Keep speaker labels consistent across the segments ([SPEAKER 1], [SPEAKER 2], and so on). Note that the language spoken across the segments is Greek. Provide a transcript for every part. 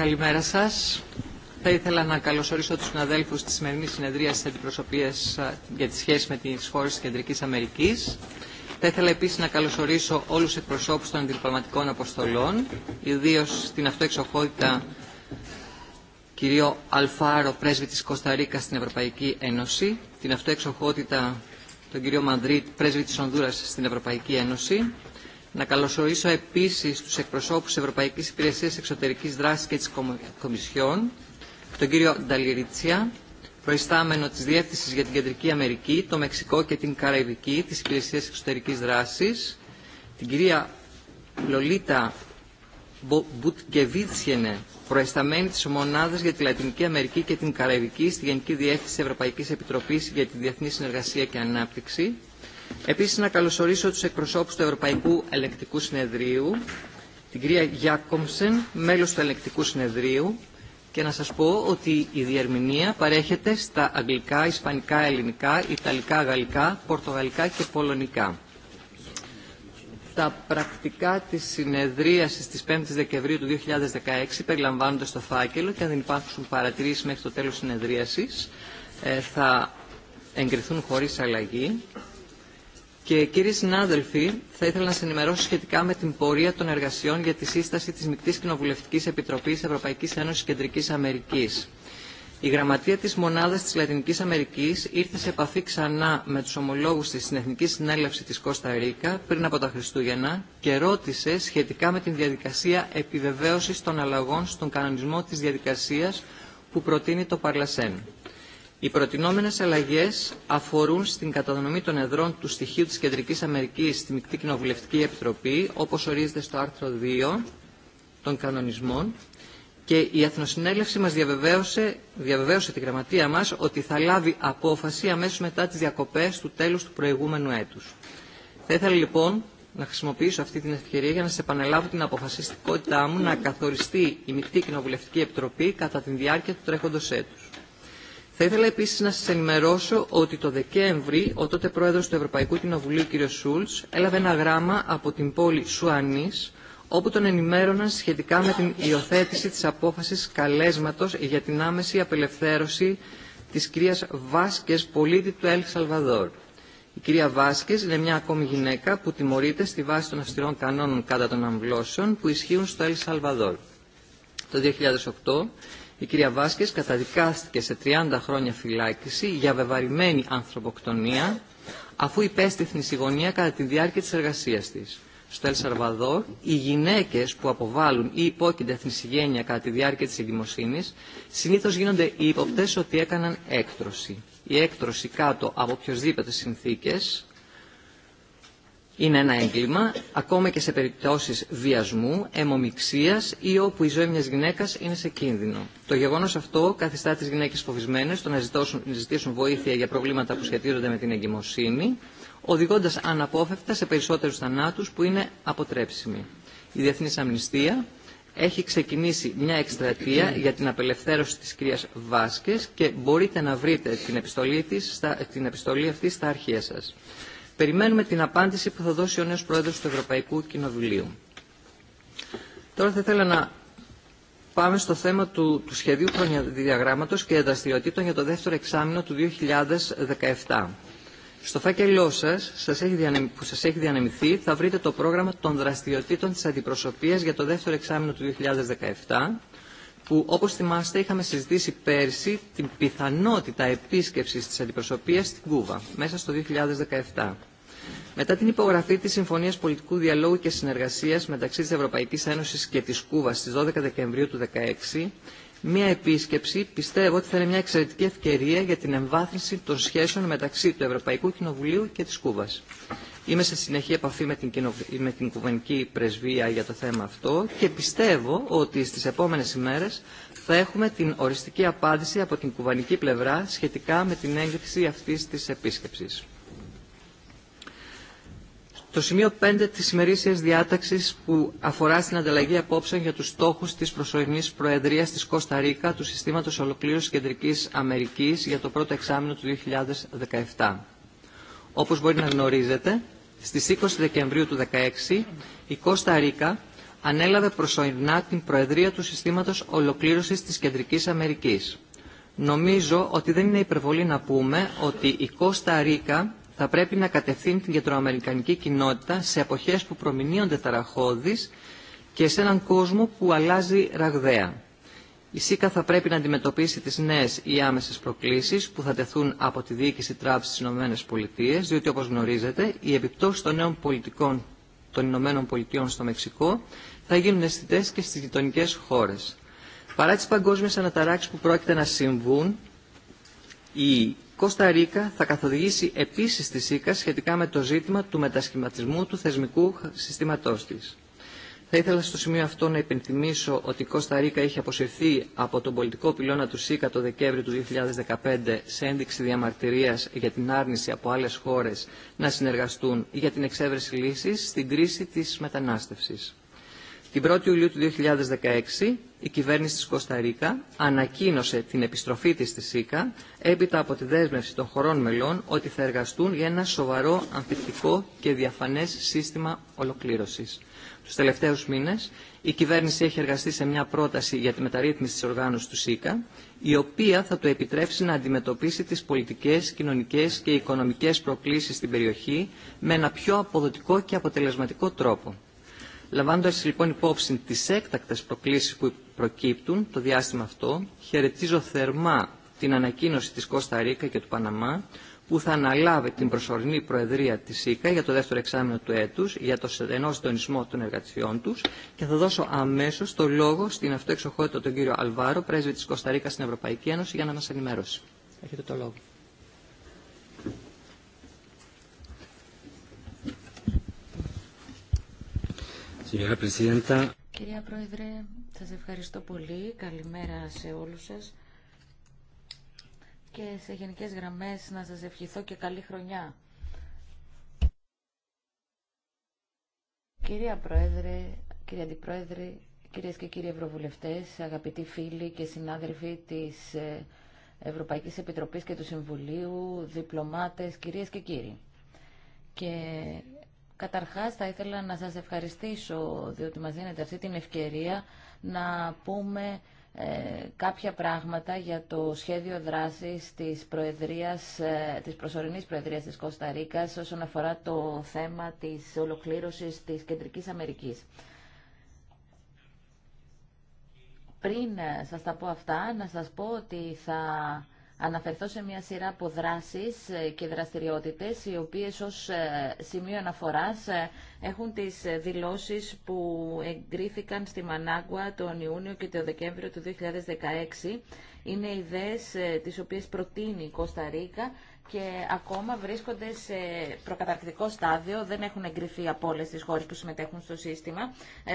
[SPEAKER 1] Καλημέρα σας. Θα ήθελα να καλωσορίσω τους συναδέλφους της σημερινής συνεδρίας τη Αντιπροσωπείας για τις σχέσεις με τις χώρες της Κεντρικής Αμερικής. Θα ήθελα επίσης να καλωσορίσω όλους τους εκπροσώπους των αντιπλωματικών αποστολών, ιδίως την αυτοεξοχότητα κύριο Αλφάρο, πρέσβη της Κωνσταντίνα στην Ευρωπαϊκή Ένωση, την αυτοεξοχότητα τον κύριο Μανδρίτ, πρέσβη της Ονδούρας στην Ευρωπαϊκή Ένωση, να καλωσορίσω επίσης τους εκπροσώπους Ευρωπαϊκής Υπηρεσίας Εξωτερικής Δράσης και της Κομισιόν, τον κύριο Νταλιρίτσια, προϊστάμενο της Διεύθυνσης για την Κεντρική Αμερική, το Μεξικό και την Καραϊβική της Υπηρεσίας Εξωτερικής Δράσης, την κυρία Λολίτα Μπουτκεβίτσιενε, προϊσταμένη της Μονάδας για τη Λατινική Αμερική και την Καραϊβική στη Γενική Διεύθυνση Ευρωπαϊκής Επιτροπής για τη Διεθνή Συνεργασία και Ανάπτυξη, Επίσης, να καλωσορίσω τους εκπροσώπους του Ευρωπαϊκού Ελεκτικού Συνεδρίου, την κυρία Γιάκομσεν, μέλος του Ελεκτικού Συνεδρίου, και να σας πω ότι η διερμηνία παρέχεται στα αγγλικά, ισπανικά, ελληνικά, ιταλικά, γαλλικά, πορτογαλικά και πολωνικά. Τα πρακτικά της συνεδρίασης της 5ης Δεκεμβρίου του 2016 περιλαμβάνονται στο φάκελο και αν δεν υπάρχουν παρατηρήσεις μέχρι το τέλος συνεδρίασης ε, θα εγκριθούν χωρίς αλλαγή. Και κύριοι συνάδελφοι, θα ήθελα να σα ενημερώσω σχετικά με την πορεία των εργασιών για τη σύσταση τη Μικτή Κοινοβουλευτική Επιτροπή Ευρωπαϊκή Ένωση Κεντρική Αμερική. Η γραμματεία τη μονάδα τη Λατινική Αμερική ήρθε σε επαφή ξανά με του ομολόγου τη στην Εθνική Συνέλευση τη Κώστα Ρίκα πριν από τα Χριστούγεννα και ρώτησε σχετικά με την διαδικασία επιβεβαίωση των αλλαγών στον κανονισμό τη διαδικασία που προτείνει το Παρλασέν. Οι προτινόμενες αλλαγές αφορούν στην κατανομή των εδρών του στοιχείου της Κεντρικής Αμερικής στη Μικτή Κοινοβουλευτική Επιτροπή, όπως ορίζεται στο άρθρο 2 των κανονισμών, και η Εθνοσυνέλευση μας διαβεβαίωσε, διαβεβαίωσε τη γραμματεία μας ότι θα λάβει απόφαση αμέσως μετά τις διακοπές του τέλους του προηγούμενου έτους. Θα ήθελα λοιπόν να χρησιμοποιήσω αυτή την ευκαιρία για να σε επαναλάβω την αποφασιστικότητά μου να καθοριστεί η Μικτή Κοινοβουλευτική Επιτροπή κατά τη διάρκεια του τρέχοντος έτου. Θα ήθελα επίση να σα ενημερώσω ότι το Δεκέμβρη ο τότε πρόεδρο του Ευρωπαϊκού Κοινοβουλίου κ. Σούλτ έλαβε ένα γράμμα από την πόλη Σουανή όπου τον ενημέρωναν σχετικά με την υιοθέτηση τη απόφαση καλέσματο για την άμεση απελευθέρωση τη κυρίας βάσκε πολίτη του Ελ Σαλβαδόρ. Η κυρία Βάσκε είναι μια ακόμη γυναίκα που τιμωρείται στη βάση των αυστηρών κανόνων κατά των αμβλώσεων που ισχύουν στο Ελ Σαλβαδόρ. Το 2008 η κυρία Βάσκες καταδικάστηκε σε 30 χρόνια φυλάκιση για βεβαρημένη ανθρωποκτονία αφού υπέστη θνησιγωνία κατά τη διάρκεια της εργασίας της. Στο Ελ οι γυναίκες που αποβάλλουν ή υπόκεινται θνησιγένεια κατά τη διάρκεια της εγκυμοσύνης συνήθως γίνονται οι υποπτές ότι έκαναν έκτρωση. Η έκτρωση κάτω από οποιοδήποτε συνθήκες είναι ένα έγκλημα, ακόμα και σε περιπτώσει βιασμού, αιμομηξίας ή όπου η ζωή μια γυναίκα είναι σε κίνδυνο. Το γεγονό αυτό καθιστά τι γυναίκε φοβισμένε στο να ζητήσουν βοήθεια για προβλήματα που σχετίζονται με την εγκυμοσύνη, οδηγώντα αναπόφευκτα σε περισσότερου θανάτου που είναι αποτρέψιμοι. Η διεθνή Αμνηστία έχει ξεκινήσει μια εκστρατεία για την απελευθέρωση της κυρίας Βάσκες και μπορείτε να βρείτε την επιστολή, της, την επιστολή αυτή στα αρχεία σα. Περιμένουμε την απάντηση που θα δώσει ο νέος πρόεδρος του Ευρωπαϊκού Κοινοβουλίου. Τώρα θα ήθελα να πάμε στο θέμα του, του σχεδίου χρονιαδιαγράμματος και δραστηριοτήτων για το δεύτερο εξάμεινο του 2017. Στο φάκελό σας, σας έχει που σας έχει διανεμηθεί θα βρείτε το πρόγραμμα των δραστηριοτήτων της αντιπροσωπείας για το δεύτερο εξάμεινο του 2017 που όπως θυμάστε είχαμε συζητήσει πέρσι την πιθανότητα επίσκεψης της αντιπροσωπείας στην Κούβα μέσα στο 2017. Μετά την υπογραφή τη Συμφωνία Πολιτικού Διαλόγου και Συνεργασία μεταξύ τη Ευρωπαϊκή Ένωση και τη Κούβα στι 12 Δεκεμβρίου του 2016, μία επίσκεψη πιστεύω ότι θα είναι μια εξαιρετική ευκαιρία για την εμβάθυνση των σχέσεων μεταξύ του Ευρωπαϊκού Κοινοβουλίου και τη Κούβα. Είμαι σε συνεχή επαφή με την, με την κουβανική πρεσβεία για το θέμα αυτό και πιστεύω ότι στις επόμενες ημέρες θα έχουμε την οριστική απάντηση από την κουβανική πλευρά σχετικά με την έγκριση αυτής της επίσκεψης. Το σημείο 5 της ημερήσιας διάταξης που αφορά στην ανταλλαγή απόψεων για τους στόχους της προσωρινής Προεδρίας της Κώστα Ρίκα του Συστήματος Ολοκλήρωσης Κεντρικής Αμερικής για το πρώτο εξάμεινο του 2017. Όπως μπορεί να γνωρίζετε, στις 20 Δεκεμβρίου του 2016 η Κώστα Ρίκα ανέλαβε προσωρινά την Προεδρία του Συστήματος Ολοκλήρωσης της Κεντρικής Αμερικής. Νομίζω ότι δεν είναι υπερβολή να πούμε ότι η Κώστα θα πρέπει να κατευθύνει την κεντροαμερικανική κοινότητα σε εποχές που προμηνύονται ταραχώδεις και σε έναν κόσμο που αλλάζει ραγδαία. Η ΣΥΚΑ θα πρέπει να αντιμετωπίσει τις νέες ή άμεσες προκλήσεις που θα τεθούν από τη διοίκηση Τραμπ στις ΗΠΑ, διότι όπως γνωρίζετε οι επιπτώσει των νέων πολιτικών των Ηνωμένων Πολιτειών στο Μεξικό θα γίνουν αισθητέ και στις γειτονικέ χώρες. Παρά τις παγκόσμιες αναταράξεις που πρόκειται να συμβούν, η Κώστα θα καθοδηγήσει επίσης τη ΣΥΚΑ σχετικά με το ζήτημα του μετασχηματισμού του θεσμικού συστήματός της. Θα ήθελα στο σημείο αυτό να υπενθυμίσω ότι η Κώστα Ρίκα είχε αποσυρθεί από τον πολιτικό πυλώνα του ΣΥΚΑ το Δεκέμβριο του 2015 σε ένδειξη διαμαρτυρίας για την άρνηση από άλλες χώρες να συνεργαστούν για την εξέβρεση λύσης στην κρίση της μετανάστευσης. Την 1η Ιουλίου του 2016 η κυβέρνηση της Κωνσταντίνα ανακοίνωσε την επιστροφή της στη ΣΥΚΑ έπειτα από τη δέσμευση των χωρών μελών ότι θα εργαστούν για ένα σοβαρό, αμφιχτικό και διαφανές σύστημα ολοκλήρωσης. Τους τελευταίους μήνες η κυβέρνηση έχει εργαστεί σε μια πρόταση για τη μεταρρύθμιση της οργάνωσης του ΣΥΚΑ, η οποία θα του επιτρέψει να αντιμετωπίσει τις πολιτικές, κοινωνικές και οικονομικές προκλήσεις στην περιοχή με ένα πιο αποδοτικό και αποτελεσματικό τρόπο. Λαμβάνοντα λοιπόν υπόψη τι έκτακτε προκλήσει που προκύπτουν το διάστημα αυτό, χαιρετίζω θερμά την ανακοίνωση τη Κώστα Ρίκα και του Παναμά, που θα αναλάβει την προσωρινή προεδρία τη ΣΥΚΑ για το δεύτερο εξάμεινο του έτου, για το στενό συντονισμό των εργατιών του, και θα δώσω αμέσω το λόγο στην αυτοεξοχότητα τον κύριο Αλβάρο, πρέσβη της Ρίκα στην Ευρωπαϊκή Ένωση, για να μα ενημερώσει. Έχετε το λόγο.
[SPEAKER 2] Κυρία
[SPEAKER 3] Πρόεδρε, σας ευχαριστώ πολύ. Καλημέρα σε όλους σας. Και σε γενικές γραμμές να σας ευχηθώ και καλή χρονιά. Κυρία Πρόεδρε, κύριε Αντιπρόεδρε, κυρίες και κύριοι Ευρωβουλευτές, αγαπητοί φίλοι και συνάδελφοι της ε, Ευρωπαϊκής Επιτροπής και του Συμβουλίου, διπλωμάτες, κυρίες και κύριοι. Και Καταρχάς θα ήθελα να σας ευχαριστήσω διότι μας δίνετε αυτή την ευκαιρία να πούμε ε, κάποια πράγματα για το σχέδιο δράσης της, προεδρίας, ε, της προσωρινής Προεδρίας της Κωνσταντίνας όσον αφορά το θέμα της ολοκλήρωσης της Κεντρικής Αμερικής. Πριν ε, σας τα πω αυτά, να σας πω ότι θα αναφερθώ σε μια σειρά από δράσεις ε, και δραστηριότητες οι οποίες ως ε, σημείο αναφοράς ε, έχουν τις δηλώσεις που εγκρίθηκαν στη Μανάγκουα τον Ιούνιο και τον Δεκέμβριο του 2016. Είναι ιδέες τις οποίες προτείνει η Κωνσταντίνα και ακόμα βρίσκονται σε προκαταρκτικό στάδιο, δεν έχουν εγκριθεί από όλε τι χώρε που συμμετέχουν στο σύστημα,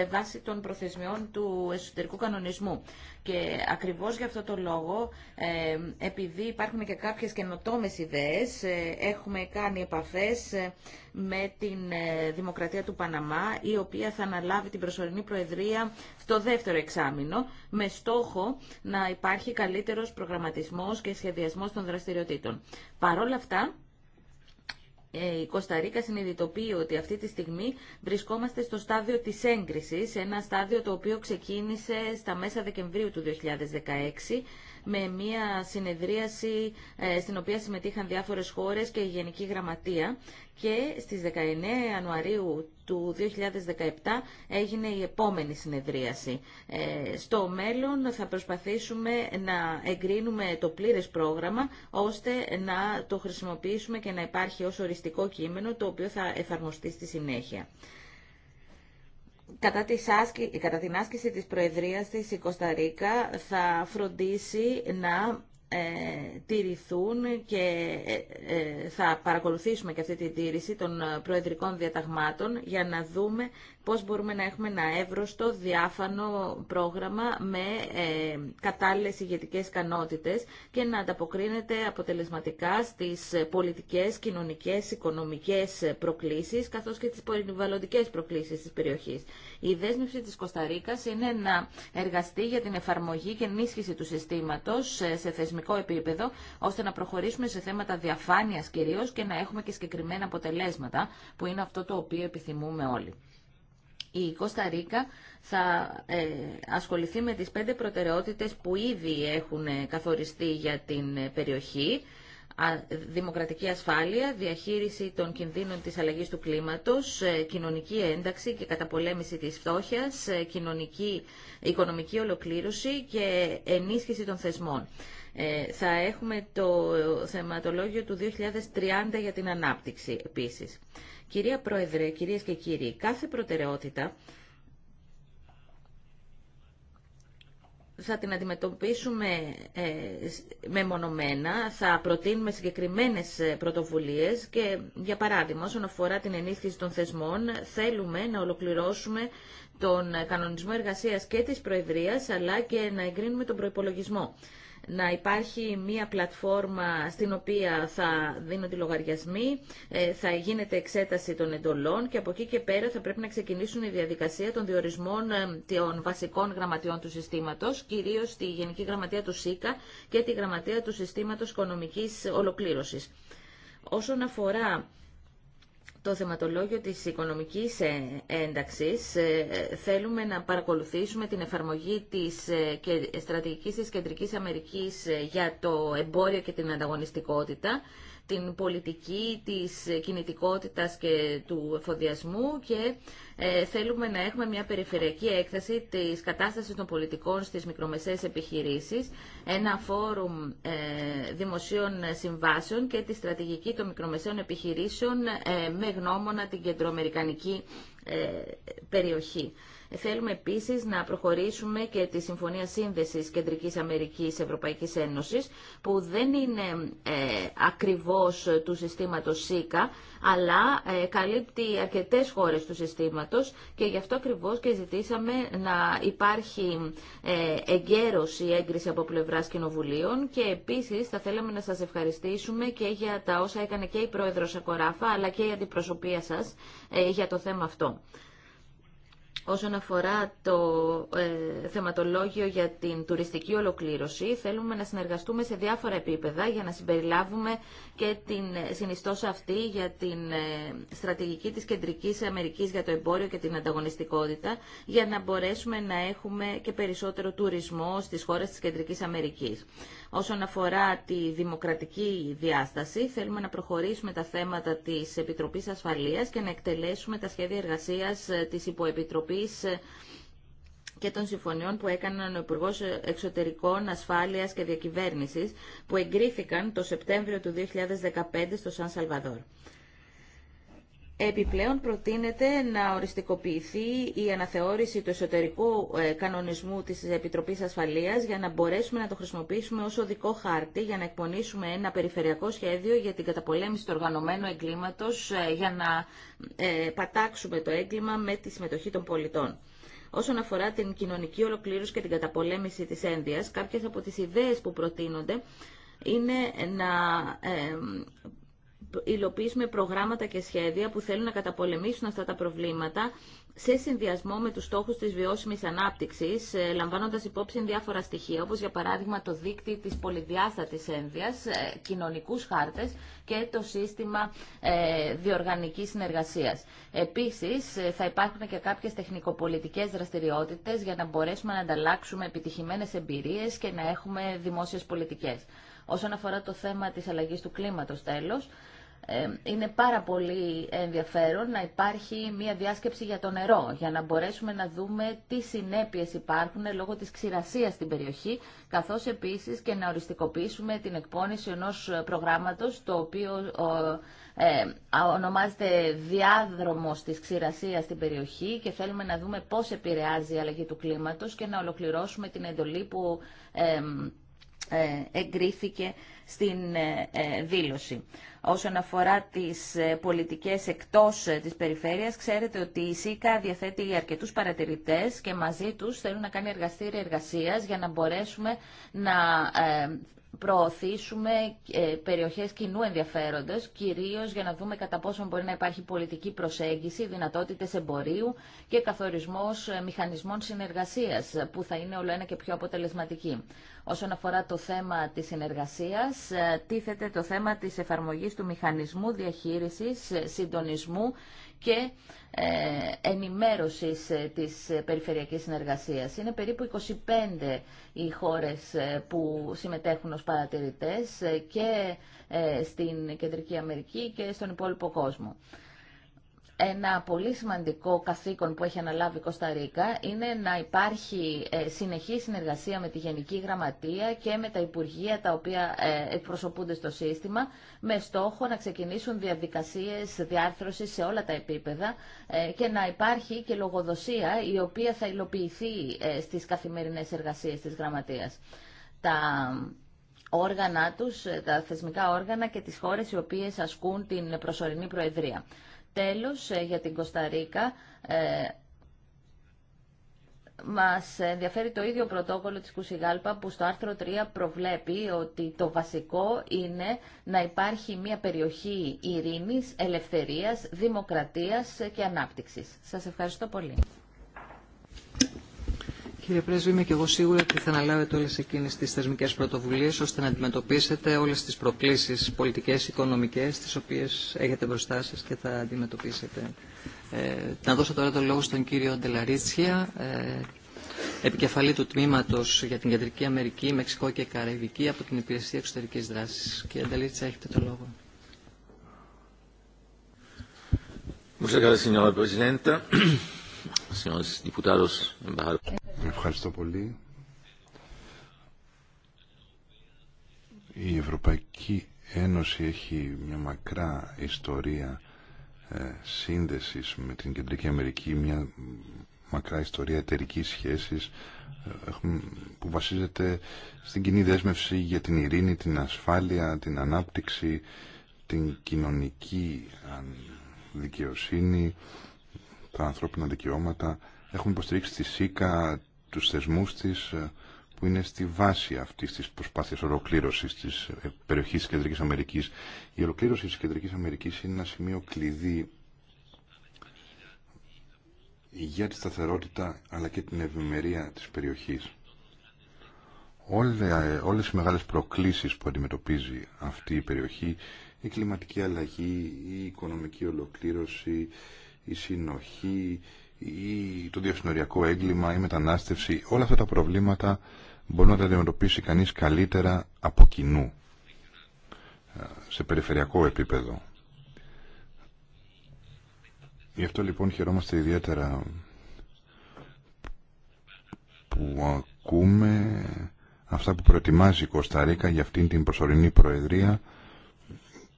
[SPEAKER 3] βάσει των προθεσμιών του εσωτερικού κανονισμού. Και ακριβώς για αυτό το λόγο, ε, επειδή υπάρχουν και κάποιες καινοτόμες ιδέες, ε, έχουμε κάνει επαφές ε, με την Δημοκρατία του Παναμά, η οποία θα αναλάβει την προσωρινή προεδρία στο δεύτερο εξάμεινο, με στόχο να υπάρχει καλύτερος προγραμματισμός και σχεδιασμός των δραστηριοτήτων. Παρόλα αυτά, ε, η Κωνσταντίνα συνειδητοποιεί ότι αυτή τη στιγμή βρισκόμαστε στο στάδιο της έγκρισης, ένα στάδιο το οποίο ξεκίνησε στα μέσα Δεκεμβρίου του 2016 με μια συνεδρίαση ε, στην οποία συμμετείχαν διάφορες χώρες και η Γενική Γραμματεία και στις 19 Ιανουαρίου του 2017 έγινε η επόμενη συνεδρίαση. Ε, στο μέλλον θα προσπαθήσουμε να εγκρίνουμε το πλήρες πρόγραμμα ώστε να το χρησιμοποιήσουμε και να υπάρχει ως οριστικό κείμενο το οποίο θα εφαρμοστεί στη συνέχεια. Κατά, την άσκηση της Προεδρίας της η Κωνσταντίνα θα φροντίσει να ε, τηρηθούν και ε, ε, θα παρακολουθήσουμε και αυτή την τήρηση των ε, προεδρικών διαταγμάτων για να δούμε πώς μπορούμε να έχουμε ένα εύρωστο, διάφανο πρόγραμμα με ε, κατάλληλες ηγετικές ικανότητες και να ανταποκρίνεται αποτελεσματικά στις πολιτικές, κοινωνικές, οικονομικές προκλήσεις καθώς και τις περιβαλλοντικές προκλήσεις της περιοχής. Η δέσμευση της Κωνσταντίνας είναι να εργαστεί για την εφαρμογή και ενίσχυση του συστήματος σε θεσμικό επίπεδο ώστε να προχωρήσουμε σε θέματα διαφάνειας κυρίως και να έχουμε και συγκεκριμένα αποτελέσματα που είναι αυτό το οποίο επιθυμούμε όλοι η Ρίκα θα ε, ασχοληθεί με τις πέντε προτεραιότητες που ήδη έχουν ε, καθοριστεί για την ε, περιοχή. Δημοκρατική ασφάλεια, διαχείριση των κινδύνων της αλλαγής του κλίματος, ε, κοινωνική ένταξη και καταπολέμηση της φτώχειας, κοινωνική, οικονομική ολοκλήρωση και ενίσχυση των θεσμών. θα έχουμε το θεματολόγιο του 2030 για την ανάπτυξη επίσης. Κυρία Πρόεδρε, κυρίες και κύριοι, κάθε προτεραιότητα θα την αντιμετωπίσουμε ε, μεμονωμένα, θα προτείνουμε συγκεκριμένες ε, πρωτοβουλίες και, για παράδειγμα, όσον αφορά την ενίσχυση των θεσμών, θέλουμε να ολοκληρώσουμε τον κανονισμό εργασίας και της Προεδρίας, αλλά και να εγκρίνουμε τον προϋπολογισμό να υπάρχει μία πλατφόρμα στην οποία θα δίνονται λογαριασμοί, ε, θα γίνεται εξέταση των εντολών και από εκεί και πέρα θα πρέπει να ξεκινήσουν η διαδικασία των διορισμών ε, των βασικών γραμματιών του συστήματος, κυρίως τη Γενική Γραμματεία του ΣΥΚΑ και τη Γραμματεία του Συστήματος Οικονομικής Ολοκλήρωσης. Όσον αφορά το θεματολόγιο της οικονομικής ε, ένταξης ε, θέλουμε να παρακολουθήσουμε την εφαρμογή της ε, στρατηγικής της Κεντρικής Αμερικής για το εμπόριο και την ανταγωνιστικότητα, την πολιτική της κινητικότητας και του εφοδιασμού και ε, θέλουμε να έχουμε μια περιφερειακή έκθεση της κατάστασης των πολιτικών στις μικρομεσαίες επιχειρήσεις, ένα φόρουμ ε, δημοσίων συμβάσεων και τη στρατηγική των μικρομεσαίων επιχειρήσεων ε, με γνώμονα την κεντροαμερικανική περιοχή. Θέλουμε επίση να προχωρήσουμε και τη Συμφωνία Σύνδεση Κεντρική Αμερική Ευρωπαϊκή Ένωση, που δεν είναι ε, ακριβώς του συστήματος ΣΥΚΑ, αλλά ε, καλύπτει αρκετέ χώρες του συστήματος και γι' αυτό ακριβώ και ζητήσαμε να υπάρχει ε, εγκαίρωση, έγκριση από πλευρά κοινοβουλίων και επίση θα θέλαμε να σα ευχαριστήσουμε και για τα όσα έκανε και η Πρόεδρο Σακοράφα αλλά και η αντιπροσωπεία σας ε, για το θέμα αυτό. Όσον αφορά το ε, θεματολόγιο για την τουριστική ολοκλήρωση, θέλουμε να συνεργαστούμε σε διάφορα επίπεδα για να συμπεριλάβουμε και την συνιστόσα αυτή για την ε, στρατηγική της Κεντρικής Αμερικής για το εμπόριο και την ανταγωνιστικότητα, για να μπορέσουμε να έχουμε και περισσότερο τουρισμό στις χώρες της Κεντρικής Αμερικής. Όσον αφορά τη δημοκρατική διάσταση, θέλουμε να προχωρήσουμε τα θέματα της Επιτροπής Ασφαλείας και να εκτελέσουμε τα σχέδια εργασίας ε, της Υποεπιτροπής ε, και των συμφωνιών που έκαναν ο Υπουργό Εξωτερικών Ασφάλειας και Διακυβέρνησης που εγκρίθηκαν το Σεπτέμβριο του 2015 στο Σαν Σαλβαδόρ. Επιπλέον προτείνεται να οριστικοποιηθεί η αναθεώρηση του εσωτερικού ε, κανονισμού της Επιτροπής Ασφαλείας για να μπορέσουμε να το χρησιμοποιήσουμε ως οδικό χάρτη για να εκπονήσουμε ένα περιφερειακό σχέδιο για την καταπολέμηση του οργανωμένου εγκλήματος ε, για να ε, πατάξουμε το έγκλημα με τη συμμετοχή των πολιτών. Όσον αφορά την κοινωνική ολοκλήρωση και την καταπολέμηση της ένδυας, κάποιες από τις ιδέες που προτείνονται είναι να υλοποιήσουμε προγράμματα και σχέδια που θέλουν να καταπολεμήσουν αυτά τα προβλήματα σε συνδυασμό με τους στόχους της βιώσιμης ανάπτυξης, ε, λαμβάνοντας υπόψη διάφορα στοιχεία, όπως για παράδειγμα το δίκτυ της πολυδιάστατης ένδυας, ε, κοινωνικούς χάρτες και το σύστημα ε, διοργανικής συνεργασίας. Επίσης, θα υπάρχουν και κάποιες τεχνικοπολιτικές δραστηριότητες για να μπορέσουμε να ανταλλάξουμε επιτυχημένες εμπειρίες και να έχουμε δημόσιες πολιτικές. Όσον αφορά το θέμα της αλλαγής του κλίματος, τέλος, ε, είναι πάρα πολύ ενδιαφέρον να υπάρχει μια διάσκεψη για το νερό, για να μπορέσουμε να δούμε τι συνέπειες υπάρχουν λόγω της ξηρασίας στην περιοχή, καθώς επίσης και να οριστικοποιήσουμε την εκπόνηση ενός προγράμματος, το οποίο ε, ονομάζεται διάδρομος της ξηρασίας στην περιοχή και θέλουμε να δούμε πώς επηρεάζει η αλλαγή του κλίματος και να ολοκληρώσουμε την εντολή που... Ε, ε, εγκρίθηκε στην ε, ε, δήλωση. Όσον αφορά τις πολιτικές εκτός της περιφέρειας, ξέρετε ότι η ΣΥΚΑ διαθέτει αρκετούς παρατηρητές και μαζί τους θέλουν να κάνει εργαστήρια εργασίας για να μπορέσουμε να προωθήσουμε ε, περιοχές κοινού ενδιαφέροντος, κυρίως για να δούμε κατά πόσο μπορεί να υπάρχει πολιτική προσέγγιση, δυνατότητες εμπορίου και καθορισμός ε, μηχανισμών συνεργασίας, που θα είναι όλο ένα και πιο αποτελεσματική. Όσον αφορά το θέμα της συνεργασίας, ε, τίθεται το θέμα της εφαρμογής του μηχανισμού διαχείρισης, συντονισμού και ε, ενημέρωσης ε, της ε, περιφερειακής συνεργασίας. Είναι περίπου 25 οι χώρες που συμμετέχουν ως παρατηρητές και στην Κεντρική Αμερική και στον υπόλοιπο κόσμο. Ένα πολύ σημαντικό καθήκον που έχει αναλάβει η Κωνσταντίνα είναι να υπάρχει ε, συνεχή συνεργασία με τη Γενική Γραμματεία και με τα Υπουργεία τα οποία ε, εκπροσωπούνται στο σύστημα με στόχο να ξεκινήσουν διαδικασίες διάρθρωσης σε όλα τα επίπεδα ε, και να υπάρχει και λογοδοσία η οποία θα υλοποιηθεί στις καθημερινές εργασίες της Γραμματείας. Τα όργανα τους, τα θεσμικά όργανα και τις χώρες οι οποίες ασκούν την προσωρινή Προεδρία. Τέλος, ε, για την Κωνσταντίνα, ε, μας ενδιαφέρει το ίδιο πρωτόκολλο της Κουσιγάλπα που στο άρθρο 3 προβλέπει ότι το βασικό είναι να υπάρχει μια περιοχή ειρήνης, ελευθερίας, δημοκρατίας και ανάπτυξης. Σας ευχαριστώ πολύ.
[SPEAKER 1] Κύριε Πρέσβη, είμαι και εγώ σίγουρη ότι θα αναλάβετε όλε εκείνε τι θεσμικέ πρωτοβουλίε ώστε να αντιμετωπίσετε όλε τι προκλήσει πολιτικέ, οικονομικέ, τι οποίε έχετε μπροστά σα και θα αντιμετωπίσετε. Ε, να δώσω τώρα το λόγο στον κύριο Ντελαρίτσια, ε, επικεφαλή του τμήματο για την Κεντρική Αμερική, Μεξικό και Καραϊβική από την Υπηρεσία Εξωτερική Δράση. Κύριε Ντελαρίτσια, έχετε το λόγο.
[SPEAKER 3] Muchas gracias, señora presidenta.
[SPEAKER 4] Señores diputados, Ευχαριστώ πολύ. Η Ευρωπαϊκή Ένωση έχει μια μακρά ιστορία ε, σύνδεσης με την Κεντρική Αμερική, μια μακρά ιστορία εταιρική σχέσης ε, που βασίζεται στην κοινή δέσμευση για την ειρήνη, την ασφάλεια, την ανάπτυξη, την κοινωνική δικαιοσύνη, τα ανθρώπινα δικαιώματα. Έχουμε υποστηρίξει τη ΣΥΚΑ, τους θεσμούς της ε, που είναι στη βάση αυτής της προσπάθειας ολοκλήρωσης της ε, περιοχής της Κεντρικής Αμερικής. Η ολοκλήρωση της Κεντρικής Αμερικής είναι ένα σημείο κλειδί για τη σταθερότητα αλλά και την ευημερία της περιοχής. Όλε, ε, όλες οι μεγάλες προκλήσεις που αντιμετωπίζει αυτή η περιοχή, η κλιματική αλλαγή, η οικονομική ολοκλήρωση, η συνοχή, ή το διασυνοριακό έγκλημα ή μετανάστευση, όλα αυτά τα προβλήματα μπορούν να τα αντιμετωπίσει κανείς καλύτερα από κοινού, σε περιφερειακό επίπεδο. Γι' αυτό λοιπόν χαιρόμαστε ιδιαίτερα που ακούμε αυτά που προετοιμάζει η Κωνσταντίνα για αυτήν την προσωρινή προεδρία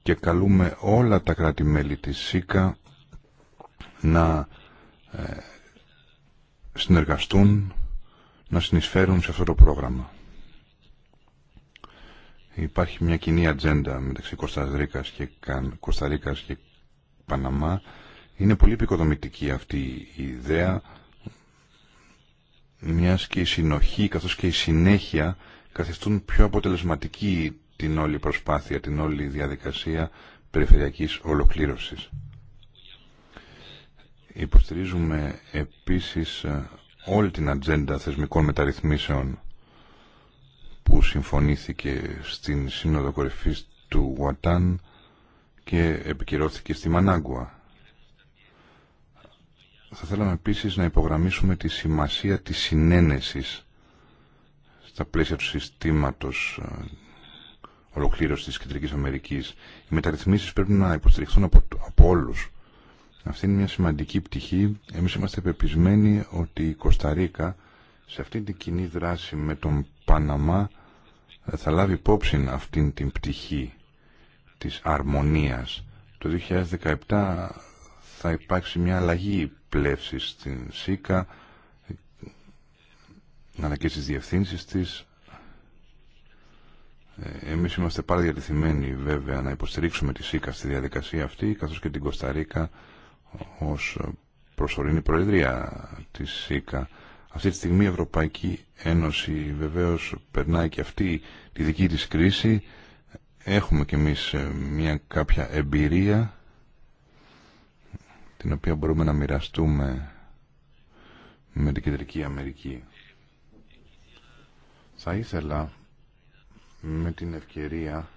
[SPEAKER 4] και καλούμε όλα τα κράτη-μέλη της ΣΥΚΑ να ε, συνεργαστούν, να συνεισφέρουν σε αυτό το πρόγραμμα. Υπάρχει μια κοινή ατζέντα μεταξύ Κωνσταντρίκας και, και Παναμά. Είναι πολύ επικοδομητική αυτή η ιδέα, μιας και η συνοχή καθώς και η συνέχεια καθιστούν πιο αποτελεσματική την όλη προσπάθεια, την όλη διαδικασία περιφερειακής ολοκλήρωσης. Υποστηρίζουμε επίσης ε, όλη την ατζέντα θεσμικών μεταρρυθμίσεων που συμφωνήθηκε στην Σύνοδο Κορυφής του Ουατάν και επικυρώθηκε στη Μανάγκουα. Θα θέλαμε επίσης να υπογραμμίσουμε τη σημασία της συνένεσης στα πλαίσια του συστήματος ε, ολοκλήρωσης της Κεντρικής Αμερικής. Οι μεταρρυθμίσεις πρέπει να υποστηριχθούν από, από όλους. Αυτή είναι μια σημαντική πτυχή. Εμείς είμαστε πεπισμένοι ότι η Κοσταρίκα σε αυτή την κοινή δράση με τον Παναμά ε, θα λάβει υπόψη αυτήν την πτυχή της αρμονίας. Το 2017 θα υπάρξει μια αλλαγή πλεύσης στην ΣΥΚΑ ε, αλλά και στις διευθύνσεις της. Ε, εμείς είμαστε πάρα διατεθειμένοι βέβαια να υποστηρίξουμε τη ΣΥΚΑ στη διαδικασία αυτή καθώς και την Κοσταρίκα ως προσωρινή προεδρία της ΣΥΚΑ. Αυτή τη στιγμή η Ευρωπαϊκή Ένωση βεβαίως περνάει και αυτή τη δική της κρίση. Έχουμε κι εμείς ε, μια κάποια εμπειρία την οποία μπορούμε να μοιραστούμε με την Κεντρική Αμερική. Θα ήθελα με την ευκαιρία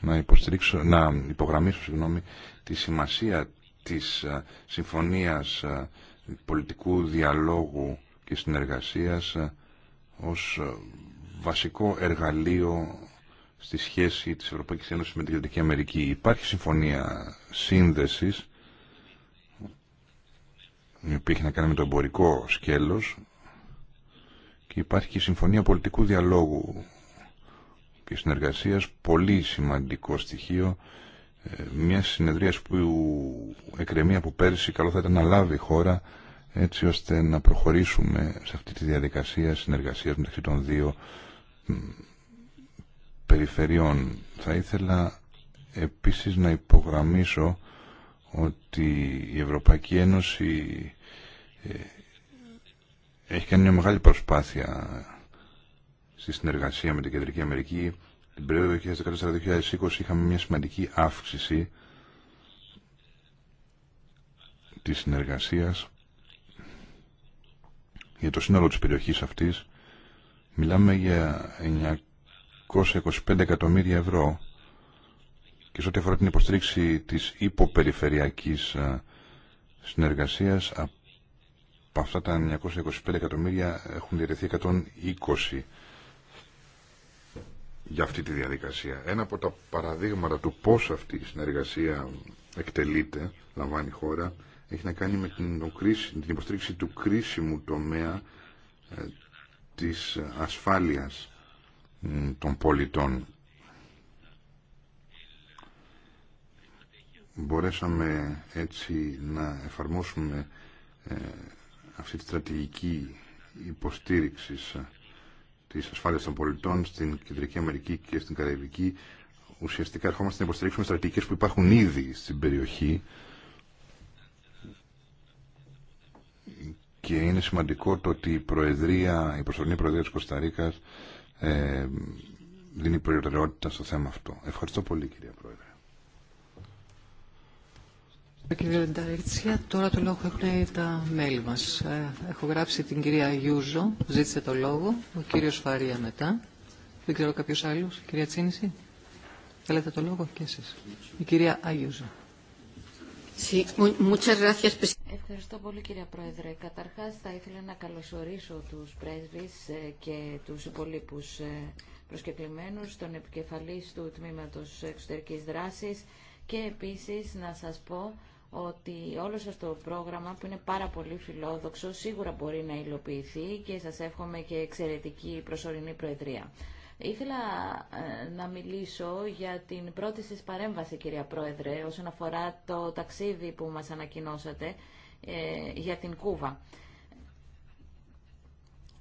[SPEAKER 4] να, υποστηρίξω, να υπογραμμίσω συγγνώμη, τη σημασία της συμφωνίας πολιτικού διαλόγου και συνεργασίας ως βασικό εργαλείο στη σχέση της Ευρωπαϊκής Ένωσης με την Κεντρική Αμερική. Υπάρχει συμφωνία σύνδεσης η οποία έχει να κάνει με το εμπορικό σκέλος και υπάρχει και συμφωνία πολιτικού διαλόγου και συνεργασίας, πολύ σημαντικό στοιχείο ε, μια συνεδρία που εκρεμεί από πέρσι, καλό θα ήταν να λάβει η χώρα έτσι ώστε να προχωρήσουμε σε αυτή τη διαδικασία συνεργασίας μεταξύ των δύο περιφερειών. Θα ήθελα επίσης να υπογραμμίσω ότι η Ευρωπαϊκή Ένωση ε, έχει κάνει μια μεγάλη προσπάθεια στη συνεργασία με την Κεντρική Αμερική. Την περίοδο 2014-2020 είχαμε μια σημαντική αύξηση της συνεργασίας για το σύνολο της περιοχής αυτής. Μιλάμε για 925 εκατομμύρια ευρώ και σε ό,τι αφορά την υποστήριξη της υποπεριφερειακής ε, συνεργασίας από αυτά τα 925 εκατομμύρια έχουν διαιρεθεί 120 για αυτή τη διαδικασία. Ένα από τα παραδείγματα του πώς αυτή η συνεργασία εκτελείται, λαμβάνει χώρα, έχει να κάνει με την, την υποστήριξη του κρίσιμου τομέα ε, της ασφάλειας των πολιτών. Μπορέσαμε έτσι να εφαρμόσουμε ε, αυτή τη στρατηγική υποστήριξης Τη ασφάλεια των πολιτών στην Κεντρική Αμερική και στην Καραϊβική ουσιαστικά ερχόμαστε να υποστηρίξουμε στρατηγικέ που υπάρχουν ήδη στην περιοχή και είναι σημαντικό το ότι η Προεδρία, η προσωρινή Προεδρία τη Κωνσταντίνα, ε, δίνει προτεραιότητα στο θέμα αυτό. Ευχαριστώ πολύ κυρία Πρόεδρε.
[SPEAKER 1] Κύριε Νταρέτσια, τώρα το λόγο έχουν τα μέλη μας. Ε, έχω γράψει την κυρία Γιούζο, ζήτησε το λόγο, ο κύριος Φαρία μετά. Δεν ξέρω κάποιος άλλος, κυρία Τσίνηση. Θέλετε το λόγο και εσείς. Η κυρία Αγιούζο.
[SPEAKER 3] Ευχαριστώ πολύ κύριε Πρόεδρε. Καταρχάς θα ήθελα να καλωσορίσω τους πρέσβεις ε, και τους υπολείπους ε, προσκεκλημένους, τον επικεφαλής του Τμήματος Εξωτερικής Δράσης και επίσης να σας πω ότι όλο σας το πρόγραμμα που είναι πάρα πολύ φιλόδοξο σίγουρα μπορεί να υλοποιηθεί και σας εύχομαι και εξαιρετική προσωρινή προεδρία. Ήθελα ε, να μιλήσω για την πρώτη σας παρέμβαση, κυρία Πρόεδρε, όσον αφορά το ταξίδι που μας ανακοινώσατε ε, για την Κούβα.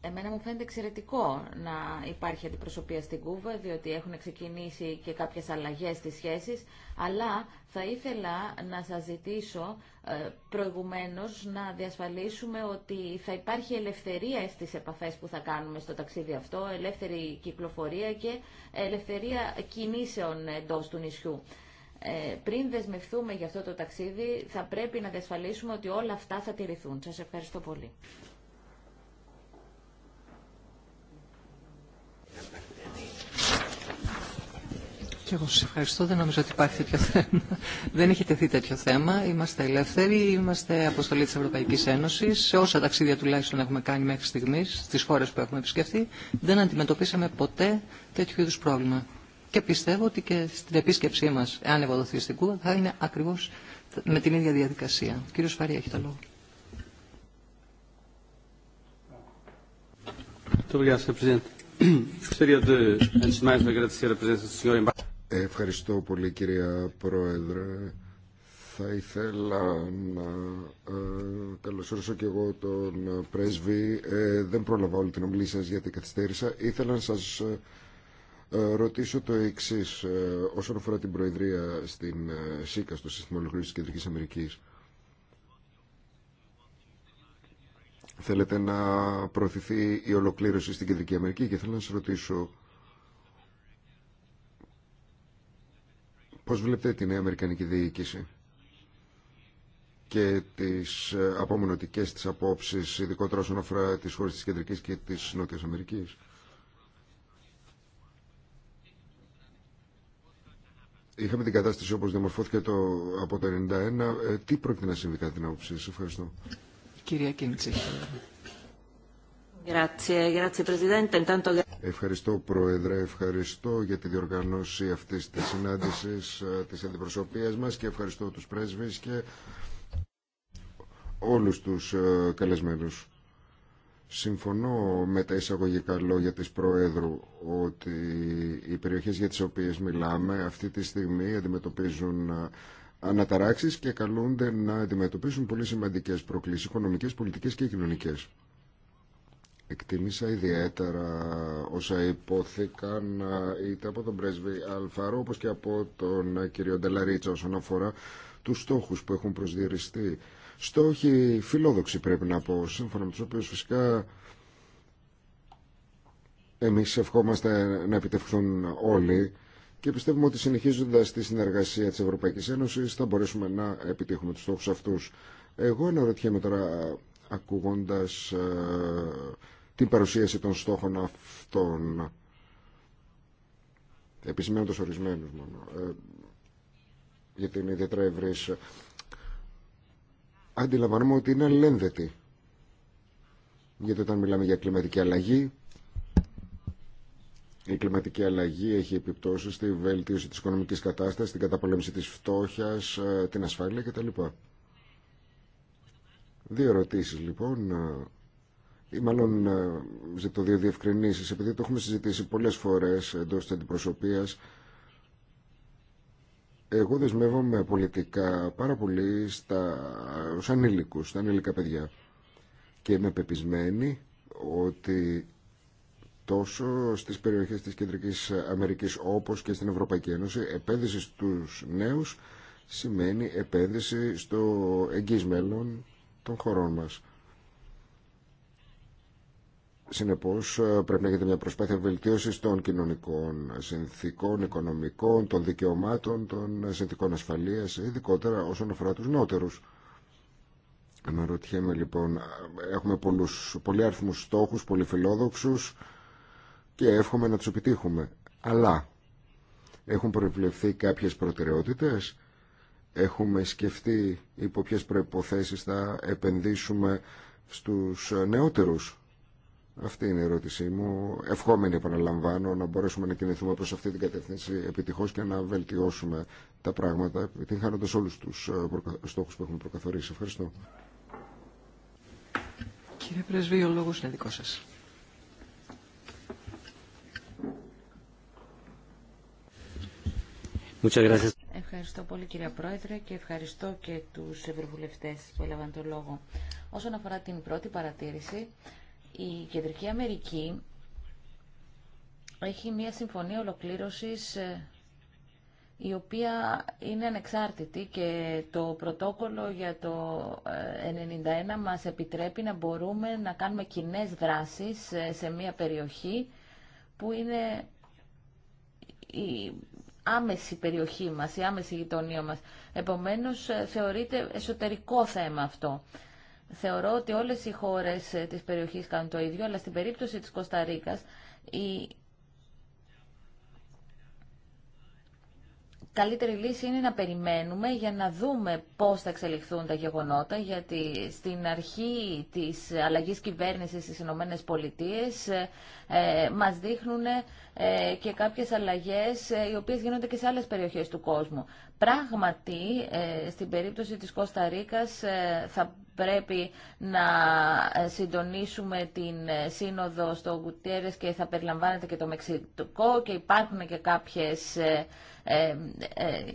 [SPEAKER 3] Εμένα μου φαίνεται εξαιρετικό να υπάρχει αντιπροσωπεία στην Κούβα, διότι έχουν ξεκινήσει και κάποιες αλλαγές στις σχέσεις, αλλά θα ήθελα να σας ζητήσω ε, προηγουμένως να διασφαλίσουμε ότι θα υπάρχει ελευθερία στις επαφές που θα κάνουμε στο ταξίδι αυτό, ελεύθερη κυκλοφορία και ελευθερία κινήσεων εντό του νησιού. Ε, πριν δεσμευτούμε για αυτό το ταξίδι, θα πρέπει να διασφαλίσουμε ότι όλα αυτά θα τηρηθούν. Σας ευχαριστώ πολύ.
[SPEAKER 1] Και εγώ σας ευχαριστώ. Δεν νομίζω ότι υπάρχει τέτοιο θέμα. Δεν έχει τεθεί τέτοιο θέμα. Είμαστε ελεύθεροι, είμαστε αποστολή της Ευρωπαϊκής Ένωσης. Σε όσα ταξίδια τουλάχιστον έχουμε κάνει μέχρι στιγμής, στις χώρες που έχουμε επισκεφθεί, δεν αντιμετωπίσαμε ποτέ τέτοιου είδους πρόβλημα. Και πιστεύω ότι και στην επίσκεψή μας, εάν ευοδοθεί στην Κούβα, θα είναι ακριβώς με την ίδια διαδικασία. Ο κύριος Φαρία έχει το λόγο.
[SPEAKER 2] Ευχαριστώ πολύ κυρία Πρόεδρε. Θα ήθελα να ε, καλωσορίσω και εγώ τον πρέσβη. Ε, δεν πρόλαβα όλη την ομιλία σας γιατί καθυστέρησα. Ήθελα να σας ε, ρωτήσω το εξή όσον αφορά την Προεδρία στην ΣΥΚΑ, στο Σύστημα Ολοκλήρωσης της Κεντρικής Αμερικής. Θέλετε να προωθηθεί η ολοκλήρωση στην Κεντρική Αμερική και θέλω να σας ρωτήσω Πώς βλέπετε την νέα Αμερικανική διοίκηση και τις ε, απομονωτικές της απόψεις, ειδικότερα όσον αφορά τις χώρες της Κεντρικής και της Νότιας Αμερικής. Είχαμε την κατάσταση όπως διαμορφώθηκε το, από το 1991. Ε, τι πρόκειται να συμβεί κατά την άποψή σας. Ευχαριστώ.
[SPEAKER 1] Κυρία Κίνητση.
[SPEAKER 2] Ευχαριστώ Πρόεδρε, ευχαριστώ για τη διοργανώση αυτής της συνάντησης ε, της αντιπροσωπείας μας και ευχαριστώ τους πρέσβεις και όλους τους ε, καλεσμένους. Συμφωνώ με τα εισαγωγικά λόγια της Προέδρου ότι οι περιοχές για τις οποίες μιλάμε αυτή τη στιγμή αντιμετωπίζουν ε, αναταράξεις και καλούνται να αντιμετωπίσουν πολύ σημαντικές προκλήσεις οικονομικές, πολιτικές και κοινωνικές. Εκτίμησα ιδιαίτερα όσα υπόθηκαν ε, είτε από τον πρέσβη Αλφαρό όπως και από τον ε, κύριο Ντελαρίτσα όσον αφορά τους στόχους που έχουν προσδιοριστεί. Στόχοι φιλόδοξοι πρέπει να πω, σύμφωνα με τους οποίους φυσικά εμείς ευχόμαστε να επιτευχθούν όλοι και πιστεύουμε ότι συνεχίζοντας τη συνεργασία της Ευρωπαϊκής Ένωσης θα μπορέσουμε να επιτύχουμε τους στόχους αυτούς. Εγώ αναρωτιέμαι τώρα ακούγοντας ε, την παρουσίαση των στόχων αυτών. Επισημένοντα ορισμένου, ορισμένους μόνο, ε, γιατί είναι ιδιαίτερα ευρύς. Αντιλαμβάνομαι ότι είναι αλληλένδετη. Γιατί όταν μιλάμε για κλιματική αλλαγή, η κλιματική αλλαγή έχει επιπτώσεις στη βελτίωση της οικονομικής κατάστασης, την καταπολέμηση της φτώχειας, ε, την ασφάλεια κτλ. Δύο ερωτήσεις λοιπόν ε, ή μάλλον ε, ζητώ δύο διευκρινήσεις, επειδή το έχουμε συζητήσει πολλές φορές εντός της αντιπροσωπείας, εγώ δεσμεύομαι πολιτικά πάρα πολύ στα, ως στα ανήλικα παιδιά και είμαι πεπισμένη ότι τόσο στις περιοχές της Κεντρικής Αμερικής όπως και στην Ευρωπαϊκή Ένωση επένδυση στους νέους σημαίνει επένδυση στο εγγύς μέλλον των χωρών μας. Συνεπώ ε, πρέπει να γίνεται μια προσπάθεια βελτίωσης των κοινωνικών συνθήκων, οικονομικών, των δικαιωμάτων, των συνθήκων ασφαλείας, ειδικότερα όσον αφορά τους νότερους. Αναρωτιέμαι λοιπόν, έχουμε πολλούς, πολύ αριθμούς στόχου, πολύ φιλόδοξου, και εύχομαι να του επιτύχουμε. Αλλά έχουν προβλεφθεί κάποιε προτεραιότητε. έχουμε σκεφτεί υπό ποιε προποθέσει θα επενδύσουμε στου νεότερους αυτή είναι η ερώτησή μου. Ευχόμενη επαναλαμβάνω να μπορέσουμε να κινηθούμε προς αυτή την κατεύθυνση επιτυχώς και να βελτιώσουμε τα πράγματα επιτυγχάνοντα όλους τους ε, στόχου που έχουμε προκαθορίσει. Ευχαριστώ.
[SPEAKER 1] Κύριε Πρεσβή, ο λόγο είναι δικό σας.
[SPEAKER 3] Ευχαριστώ πολύ κύριε Πρόεδρε και ευχαριστώ και τους ευρωβουλευτές που έλαβαν το λόγο. Όσον αφορά την πρώτη παρατήρηση, η Κεντρική Αμερική έχει μια συμφωνία ολοκλήρωσης ε, η οποία είναι ανεξάρτητη και το πρωτόκολλο για το 91 ε, μας επιτρέπει να μπορούμε να κάνουμε κοινέ δράσεις ε, σε μια περιοχή που είναι η άμεση περιοχή μας, η άμεση γειτονία μας. Επομένως θεωρείται εσωτερικό θέμα αυτό. Θεωρώ ότι όλες οι χώρες ε, της περιοχής κάνουν το ίδιο, αλλά στην περίπτωση της Κωνσταντίνας η καλύτερη λύση είναι να περιμένουμε για να δούμε πώς θα εξελιχθούν τα γεγονότα, γιατί στην αρχή της αλλαγής κυβέρνησης στις Ηνωμένες Πολιτείες ε, ε, μας δείχνουν ε, και κάποιες αλλαγές ε, οι οποίες γίνονται και σε άλλες περιοχές του κόσμου. Πράγματι, ε, στην περίπτωση της ε, θα πρέπει να συντονίσουμε την σύνοδο στο Γουτέρες και θα περιλαμβάνεται και το Μεξικό και υπάρχουν και κάποιες